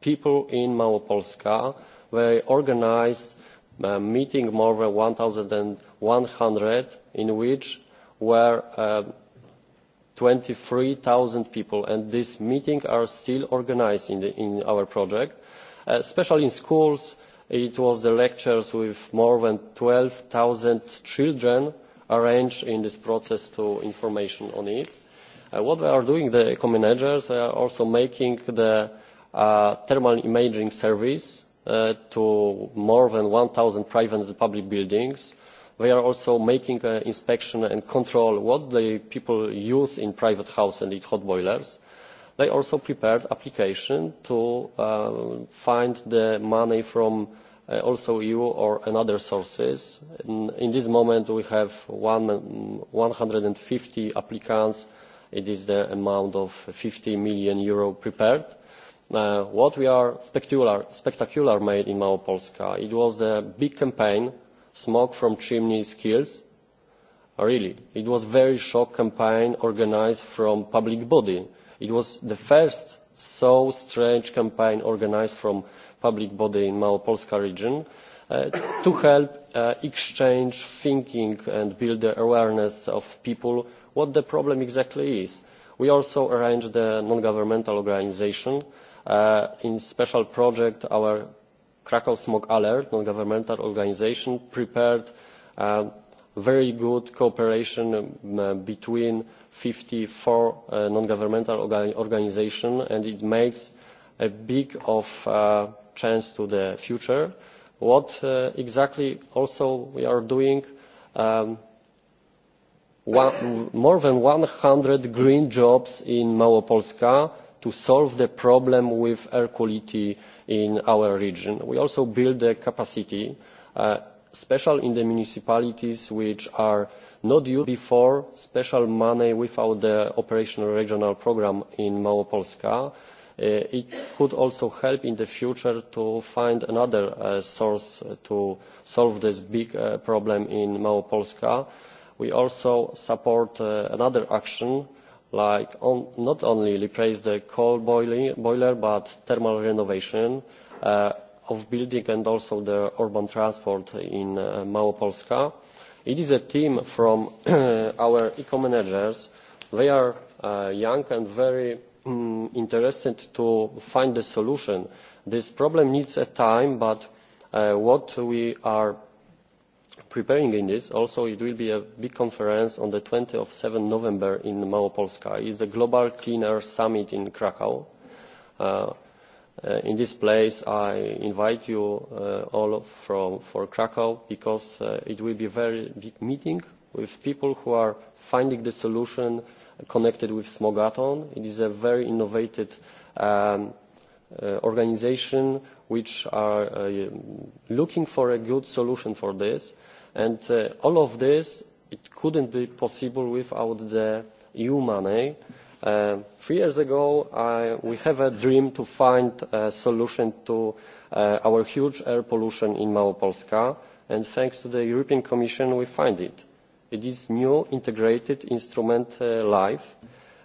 people in Małopolska. They organised a uh, meeting more than hundred in which were um, three zero people. And these meetings are still organised in, our project, especially in schools, It was the lectures with more than 12,000 children arranged in this process to information on it. Uh, what they are doing, the eco-managers, they are also making the uh, thermal imaging service uh, to more than 1,000 private and public buildings. They are also making uh, inspection and control what the people use in private house and in hot boilers. They also prepared application to uh, find the money from Uh, also eu or other sources. at this moment we have one hundred and fifty applicants it is the amount of eur fifty million Euro prepared. Uh, what we are spectacular, made in małopolska it was the big campaign smoke from chimneys kills really it was a very short campaign organised from public body it was the first so strange campaign organised from public body in Małopolska region e, to help e, exchange thinking and build the awareness of people what the problem exactly is. We also arranged a non-governmental organisation e, in special project our krakow smog alert non governmental organisation prepared uh, very good cooperation um, between fifty four uh, non governmental organisations and it makes a big of uh, chance to the future, what uh, exactly also we are doing um, one, more than 100 green jobs in Małopolska to solve the problem with air quality in our region. We also build the capacity, uh, special in the municipalities which are not used before special money without the operational regional program in Małopolska Uh, it could also help in the future to find another uh, source to solve this big uh, problem in Małopolska. We also support another action like not only replace the coal boiler but thermal renovation of buildings and also the urban transport in Małopolska. It is a team from <coughs> our eco-managers. They are young and very Mm, interested to find a solution. This problem needs a time, but uh, what we are preparing in this, also it will be a big conference on the 20th of 7 November in Małopolska. It's a Global Clean Air Summit in Krakow. Uh, Uh, in this place i invite you uh, all from for krakow because uh, it will be a very big meeting with people who are finding the solution connected with Smogaton. It is a very innovative um, uh, organization which are uh, looking for a good solution for this. And uh, all of this, it couldn't be possible without the EU money. Uh, three years ago, I, we have a dream to find a solution to uh, our huge air pollution in Małopolska, and thanks to the European Commission, we find it it is new integrated instrument uh, live.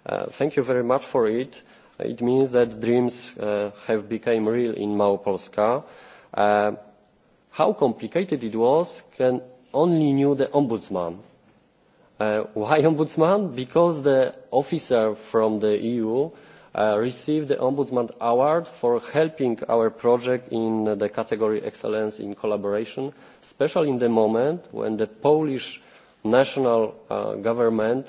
Uh, thank you very much for it. It means that dreams uh, have become real in Małopolska. Uh, how complicated it was can only knew the ombudsman. Uh, why <laughs> ombudsman? Because the officer from the EU uh, received the Ombudsman Award for helping our project in the category Excellence in Collaboration, especially in the moment when the Polish national uh, government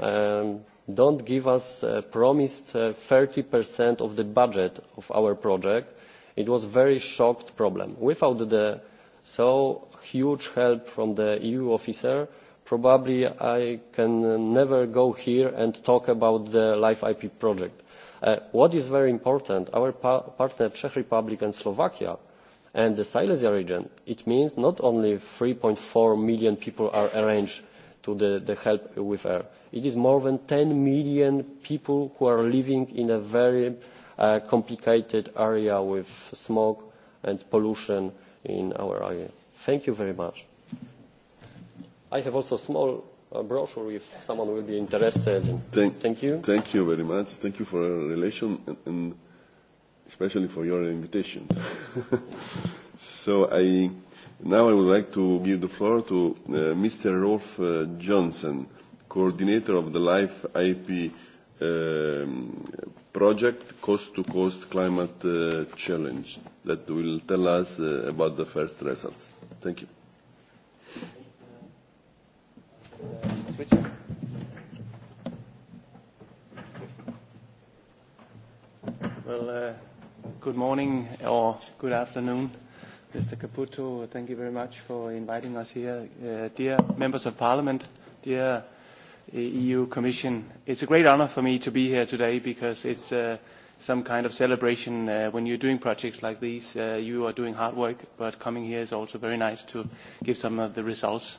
um, don't give us uh, promised uh, 30% of the budget of our project. It was a very shocked problem. Without the so huge help from the EU officer, probably I can uh, never go here and talk about the Life IP project. Uh, what is very important, our pa partner Czech Republic and Slovakia and the Silesia region, it means not only 3.4 million people are arranged to the, the help with air. It is more than 10 million people who are living in a very uh, complicated area with smog and pollution in our area. Thank you very much. I have also a small a uh, brochure if someone will be interested. Thank, thank you. Thank you very much. Thank you for your relation. And, and especially for your invitation. <laughs> so I, now I would like to give the floor to uh, Mr. Rolf uh, Johnson, coordinator of the LIFE IP um, project, Coast to Coast Climate uh, Challenge, that will tell us uh, about the first results. Thank you. Well, uh, Good morning or good afternoon, Mr. Caputo. Thank you very much for inviting us here. Uh, dear members of parliament, dear uh, EU Commission, it's a great honor for me to be here today because it's uh, some kind of celebration. Uh, when you're doing projects like these, uh, you are doing hard work, but coming here is also very nice to give some of the results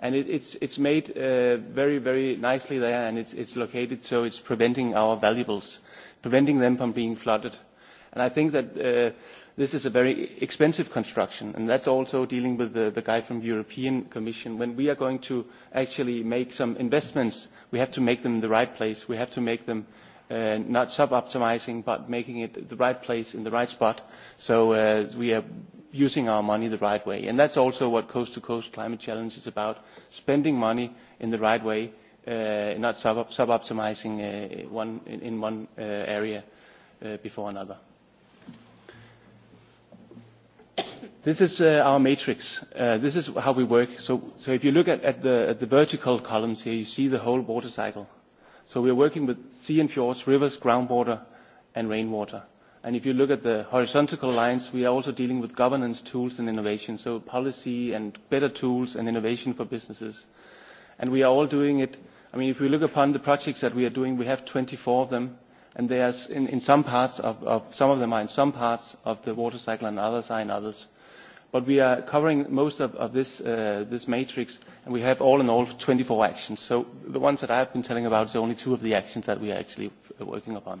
and it, it's, it's made uh, very, very nicely there, and it's, it's located so it's preventing our valuables, preventing them from being flooded. And I think that uh, this is a very expensive construction, and that's also dealing with the, the guy from European Commission. When we are going to actually make some investments, we have to make them in the right place. We have to make them uh, not sub-optimizing, but making it the right place in the right spot. So uh, we are using our money the right way. And that's also what Coast to Coast Climate Challenge is about, spending money in the right way, uh, not sub-optimizing sub, uh, one, in, in one uh, area uh, before another. This is uh, our matrix. Uh, this is how we work. So, so if you look at, at, the, at the vertical columns here, you see the whole water cycle. So we're working with sea and fjords, rivers, groundwater, and rainwater. And if you look at the horizontal lines, we are also dealing with governance tools and innovation, so policy and better tools and innovation for businesses. And we are all doing it. I mean, if we look upon the projects that we are doing, we have 24 of them, and they are in, in some parts of, of some of them are in some parts of the water cycle, and others are in others. But we are covering most of, of this, uh, this matrix, and we have all in all 24 actions. So the ones that I have been telling about is only two of the actions that we are actually uh, working upon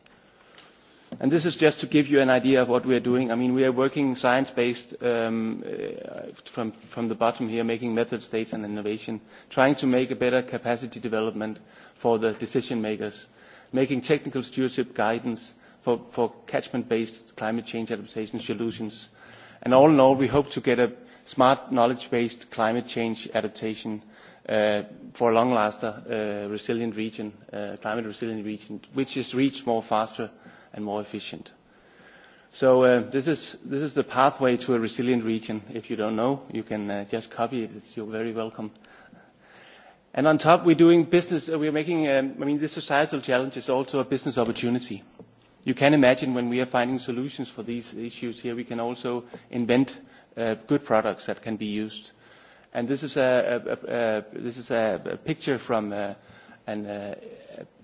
And this is just to give you an idea of what we are doing. I mean, we are working science-based um, uh, from, the bottom here, making method states and innovation, trying to make a better capacity development for the decision makers, making technical stewardship guidance for, catchment-based climate change adaptation solutions. And all in all, we hope to get a smart, knowledge-based climate change adaptation uh, for a long-lasting uh, resilient region, climate resilient region, which is reached more faster and more efficient. So uh, this, is, this is the pathway to a resilient region. If you don't know, you can uh, just copy it. It's, you're very welcome. And on top, we're doing business. We uh, we're making, um, I mean, this societal challenge is also a business opportunity. You can imagine when we are finding solutions for these issues here, we can also invent good products that can be used. And this is a, this is a, picture from an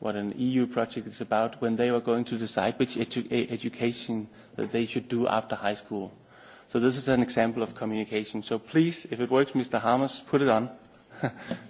what an EU project is about when they were going to decide which edu e-, education that they should do after high school. So this is an example of communication. So please, if it works, Mr. Harmers, put it on. <laughs>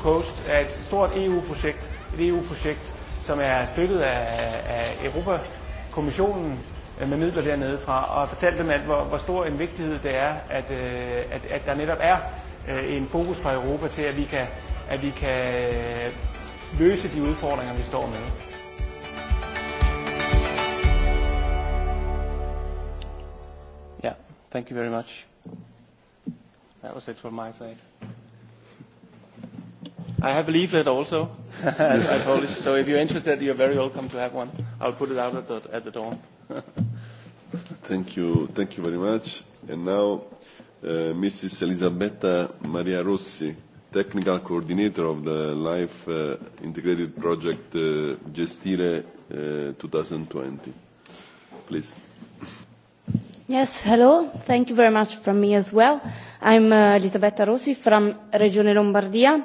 Coast er et stort EU-projekt, et EU-projekt, som er støttet af, af Europakommissionen øh, med midler dernede fra, og fortalte dem, at hvor, hvor stor en vigtighed det er, at, øh, at, at der netop er øh, en fokus fra Europa til, at vi kan, at vi kan løse de udfordringer, vi står med. Yeah, thank you very much. That was it from my side. I have a leaflet also. <laughs> I Polish, so if you're interested, you're very welcome to have one. I'll put it out at the, at the door. <laughs> thank you, thank you very much. And now, uh, Mrs. Elisabetta Maria Rossi, technical coordinator of the Life uh, Integrated Project uh, Gestire uh, 2020. Please. Yes, hello. Thank you very much from me as well. I'm uh, Elisabetta Rossi from Regione Lombardia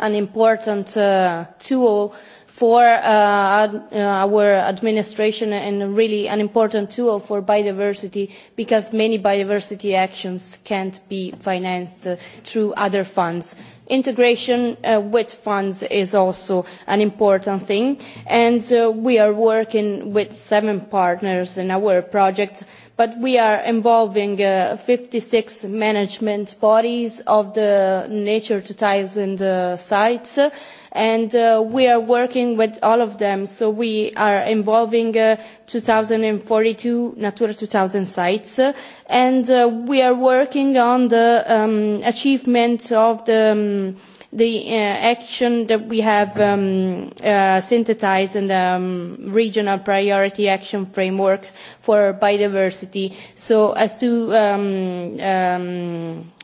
an important uh, tool for uh, ad, uh, our administration and really an important tool for biodiversity because many biodiversity actions can't be financed uh, through other funds. Integration uh, with funds is also an important thing and uh, we are working with seven partners in our project uh, but we are involving uh, 56 management bodies of the Nature 2000 uh, sites, and uh, we are working with all of them. So we are involving uh, 2042 Natura 2000 sites, and uh, we are working on the um, achievement of the um, the uh, action that we have um, uh, synthesized in the um, regional priority action framework for biodiversity so as to um, um,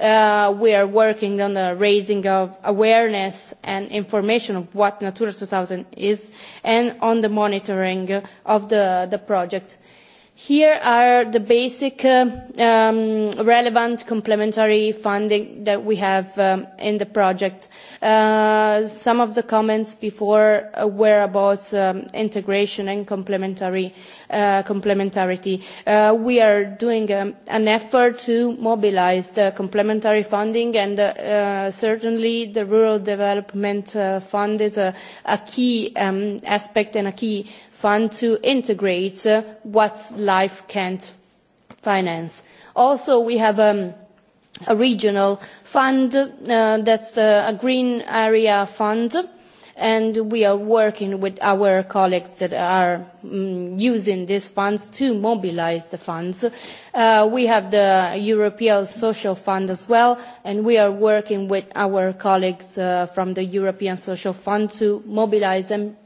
Uh, we are working on the raising of awareness and information of what Natura 2000 is and on the monitoring of the, the project Here are the basic uh, um, relevant complementary funding that we have um, in the project. Uh, some of the comments before uh, were about um, integration and complementary, uh, complementarity. Uh, we are doing um, an effort to mobilize the complementary funding and uh, uh, certainly the Rural Development uh, Fund is a, a key um, aspect and a key fund to integrate uh, what life can't finance. Also, we have um, a regional fund, uh, that's the, a green area fund, and we are working with our colleagues that are um, using these funds to mobilise the funds. Uh, we have the European Social Fund as well, and we are working with our colleagues uh, from the European Social Fund to mobilise and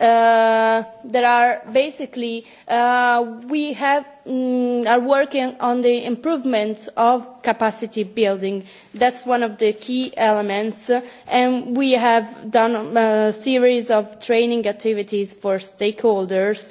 uh, there are basically uh, we have um, are working on the improvement of capacity building. That's one of the key elements, and we have done a series of training activities for stakeholders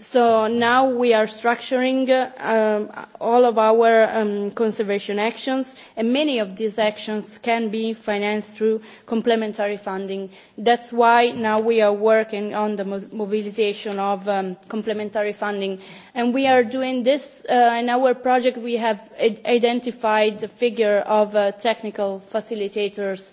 So now we are structuring uh, um, all of our um, conservation actions, and many of these actions can be financed through complementary funding. That's why now we are working on the mobilization of um, complementary funding. And we are doing this uh, in our project. We have identified the figure of uh, technical facilitators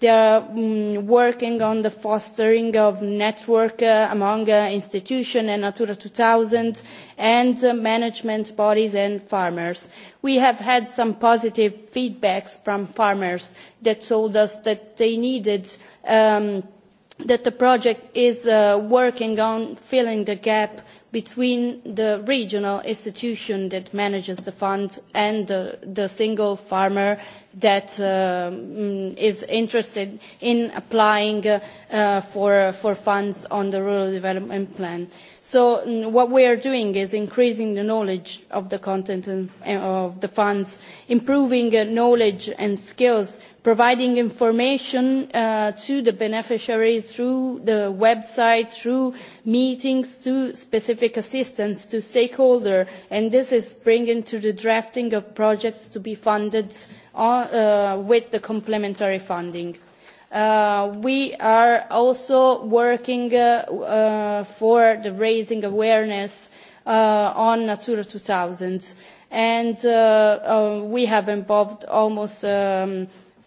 They are um, mm, working on the fostering of network uh, among uh, institutions and Natura 2000 and uh, management bodies and farmers. We have had some positive feedbacks from farmers that told us that they needed um, that the project is uh, working on filling the gap between the regional institution that manages the fund and the, the single farmer that um, is interested in applying uh, for, for funds on the rural development plan. So mm, what we are doing is increasing the knowledge of the content and, of the funds, improving uh, knowledge and skills providing information uh, to the beneficiaries through the website, through meetings, to specific assistance to stakeholders, and this is bringing to the drafting of projects to be funded on, uh, uh, with the complementary funding. Uh, we are also working uh, uh, for the raising awareness on Natura 2000, and we have involved almost um,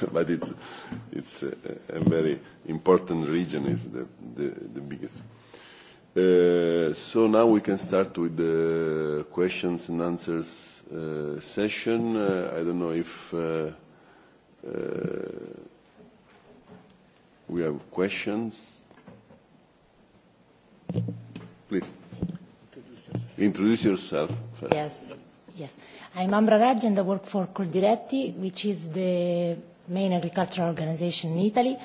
<laughs> but it's, it's a, a very important region, it's the, the, the biggest. Uh, so now we can start with the questions and answers uh, session. Uh, I don't know if uh, uh, we have questions. Please. Introduce yourself first. Yes. Yes. I'm Ambra Raj and I work for Coldiretti, which is the main agricultural organization in Italy.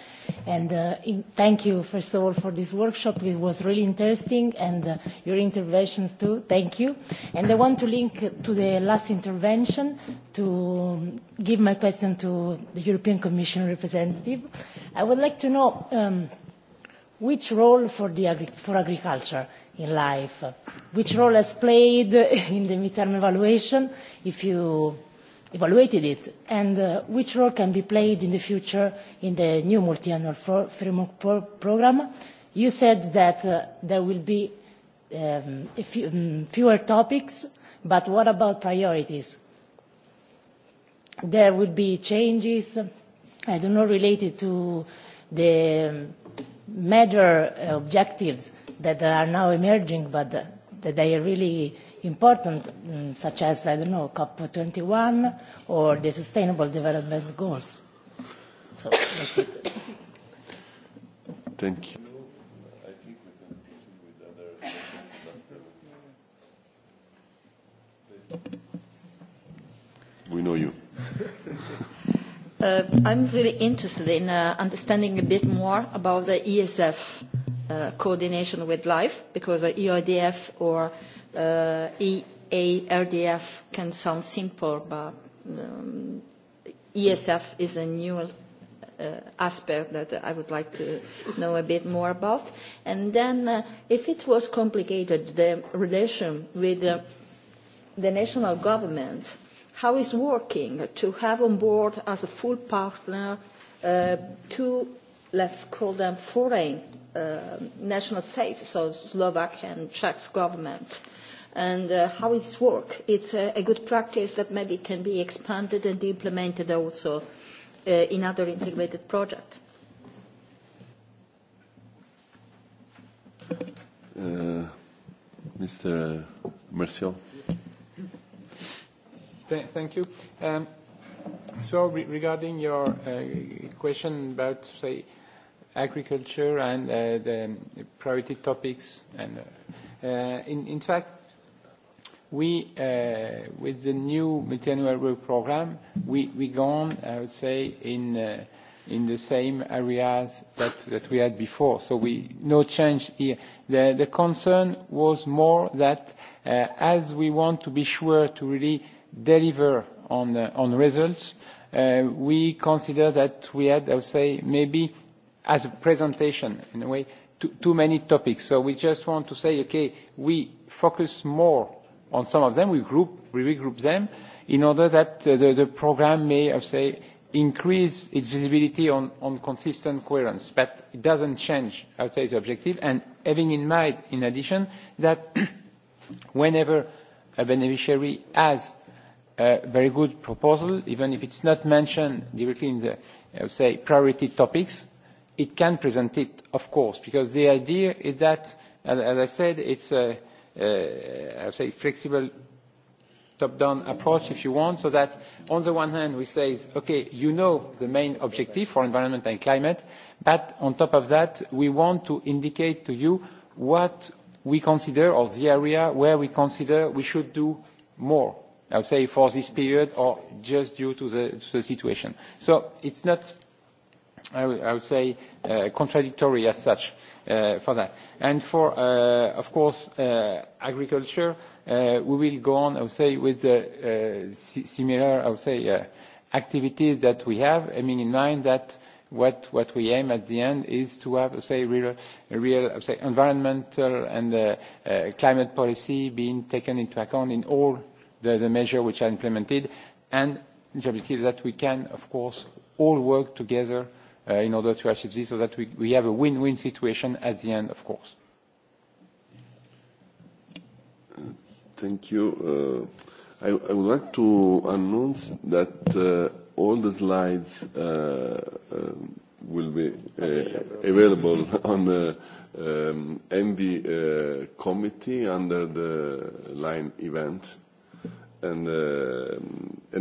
And uh, in, thank you, first of all, for this workshop. It was really interesting, and uh, your interventions too. Thank you. And I want to link to the last intervention to um, give my question to the European Commission representative. I would like to know um, which role for, the agri for agriculture in life, which role has played <laughs> in the midterm evaluation, if you evaluated it and uh, which role can be played in the future in the new multi-annual framework pro program. You said that uh, there will be um, a few, um, fewer topics, but what about priorities? There will be changes, I don't know, related to the major uh, objectives that are now emerging, but uh, that they really important, mm, such as, I don't know, COP21 or the Sustainable Development Goals. So that's it. Thank you. We know you. <laughs> uh, I'm really interested in uh, understanding a bit more about the ESF uh, coordination with life because the uh, EIDF or uh, Uh, EARDF can sound simple, but um, ESF is a new uh, aspect that I would like to know a bit more about. And then uh, if it was complicated, the relation with uh, the national government, how is working to have on board as a full partner uh, two, let's call them foreign uh, national states, so Slovak and Czech government and uh, how it's work. It's a, a good practice that maybe can be expanded and implemented also uh, in other integrated projects. Uh, Mr. Marcel. Th thank you. Um, so re regarding your uh, question about, say, agriculture and uh, the priority topics, and uh, uh in, in fact, we, uh, with the new multi-annual work program, we, we gone, I would say, in, uh, in the same areas that, that we had before. So we, no change here. The, the concern was more that uh, as we want to be sure to really deliver on, on results, we consider that we had, I would say, maybe as a presentation, in a way, too, too many topics. So we just want to say, okay, we focus more on some of them, we group, we regroup them in order that uh, the, program may, I say, increase its visibility on, consistent coherence. But it doesn't change, I would say, the objective. And having in mind, in addition, that <clears throat> whenever a beneficiary has a very good proposal, even if it's not mentioned directly in the, I would say, priority topics, it can present it, of course, because the idea is that, as I said, it's a Uh, say, flexible top-down approach, if you want, so that on the one hand, we say, "Okay, you know the main objective for environment and climate, but on top of that, we want to indicate to you what we consider or the area where we consider we should do more," I would say, for this period or just due to the situation. So it's not i would, say, uh, contradictory as such uh, for that. And for, uh, of course, uh, agriculture, uh, we will go on, I would say, with the similar, I would say, activities that we have, having in mind that what, what we aim at the end is to have, say, real, real say, environmental and climate policy being taken into account in all the, the measures which are implemented, and the objective that we can, of course, all work together Uh, in order to achieve this so that we, have a win-win situation at the end, of course. Thank you. Uh, I, would like to announce that uh, all the slides will be available <laughs> on the um, committee under the line event. And,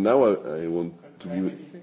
now I, want to give-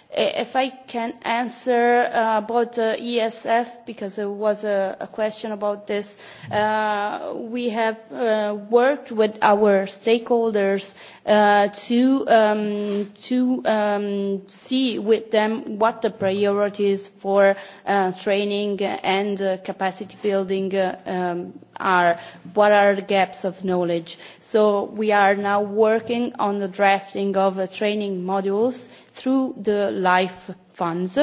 If I can answer uh, about uh, ESF, because there was a, a question about this, uh, we have uh, worked with our stakeholders uh, to um, to um, see with them what the priorities for uh, training and uh, capacity building uh, um, are, what are the gaps of knowledge. So we are now working on the drafting of uh, training modules through the life funds.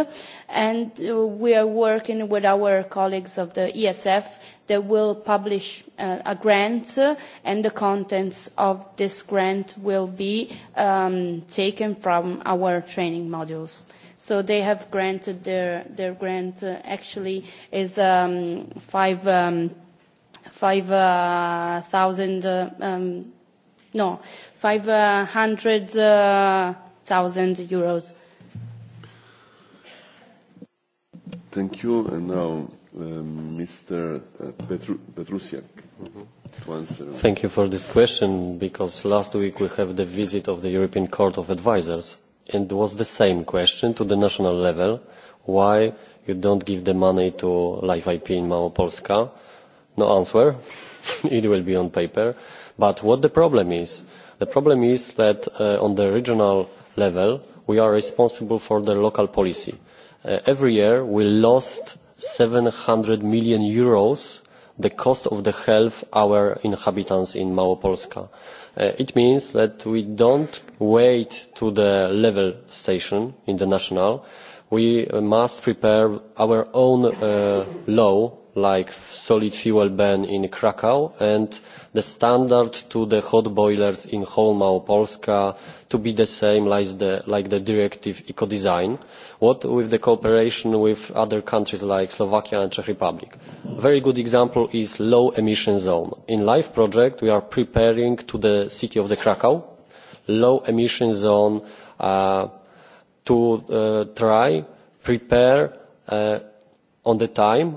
And uh, we are working with our colleagues of the ESF that will publish uh, a grant uh, and the contents of this grant will be um, taken from our training modules. So they have granted their, their grant uh, actually is um, five, um, five uh, thousand, uh, um, no, five hundred uh, thousand euros. Thank you. now, Mr. Um, uh, Petrusiak, to answer. Thank you for this question, because last week we have the visit of the European Court of Advisors, and it was the same question to the national level, why you don't give the money to Life IP in Małopolska. No answer. <laughs> it will be on paper. But what the problem is? The problem is that uh, on the regional level we are responsible for the local policy. Uh, every year we lost eur seven hundred million euros the cost of the health our inhabitants in Małopolska. Uh, it means that we don't wait to the level station in the national. We uh, must prepare our own law like solid fuel ban in krakow and the standard to the hot boilers in home Polska, to be the same like the, like the directive ecodesign what with the cooperation with other countries like slovakia and czech republic. a very good example is low emission zone. in life project we are preparing to the city of the krakow low emission zone uh, to uh, try prepare uh, on the time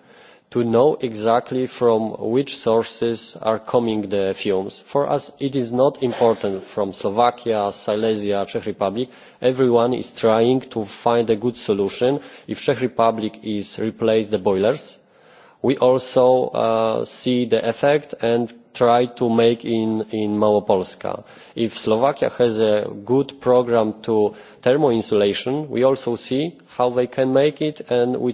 to know exactly from which sources the fumes are coming for us it is not important whether from slovakia silesia or the czech republic. everyone is trying to find a good solution. if the czech republic replaces the boilers we also uh, see the effect and try to make it in Małopolska. If Slovakia has a good programme for thermal insulation, we also see how they can make it and we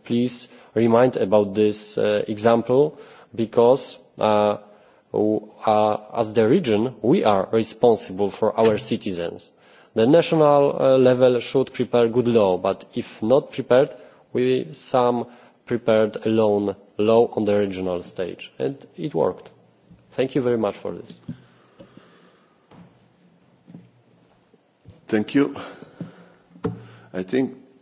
please remind about this uh, example because uh, uh, as the region we are responsible for our citizens. the national uh, level should prepare good law but if not prepared we some prepared alone law on the regional stage and it worked. thank you very much for this. thank you. i think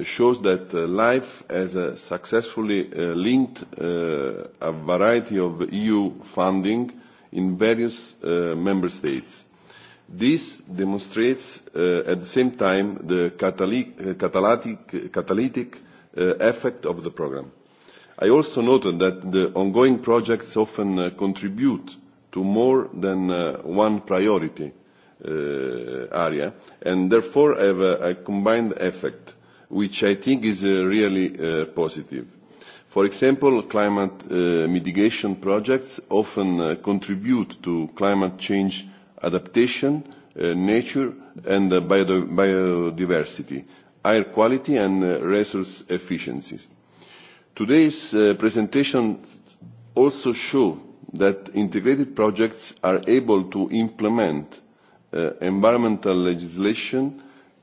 shows that uh, LIFE has uh, successfully uh, linked uh, a variety of EU funding in various uh, member states. This demonstrates uh, at the same time the catalytic, catalytic uh, effect of the programme. I also noted that the ongoing projects often uh, contribute to more than uh, one priority uh, area and therefore have a, a combined effect which I think is uh, really uh, positive. For example, climate uh, mitigation projects often contribute to climate change adaptation, nature and biodiversity, air quality and resource efficiencies. Today's presentations presentation also show that integrated projects are able to implement environmental legislation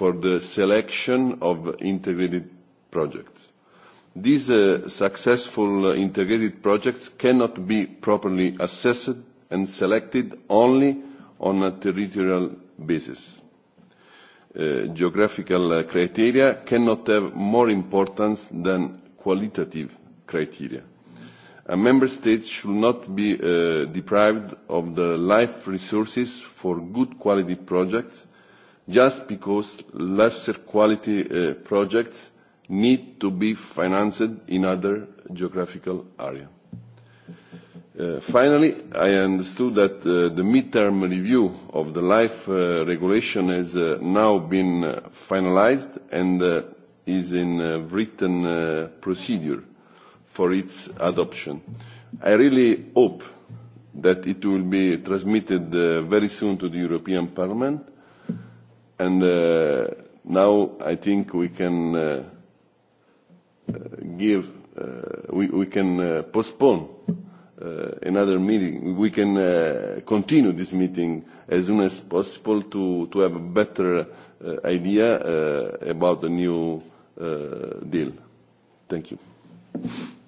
for the selection of integrated projects. These uh, successful uh, integrated projects cannot be properly assessed and selected only on a territorial basis. Uh, geographical criteria cannot have more importance than qualitative criteria. A member state should not be deprived of the life resources for good quality projects just because lesser quality uh, projects need to be financed in other geographical area. Uh, finally, I understood that uh, the midterm review of the life uh, regulation has uh, now been uh, finalized and uh, is in a uh, written uh, procedure for its adoption. I really hope that it will be transmitted uh, very soon to the European Parliament And uh, now I think we can uh, uh, give, uh, we, we can uh, postpone uh, another meeting. We can uh, continue this meeting as soon as possible to, to have a better uh, idea uh, about the new uh, deal. Thank you.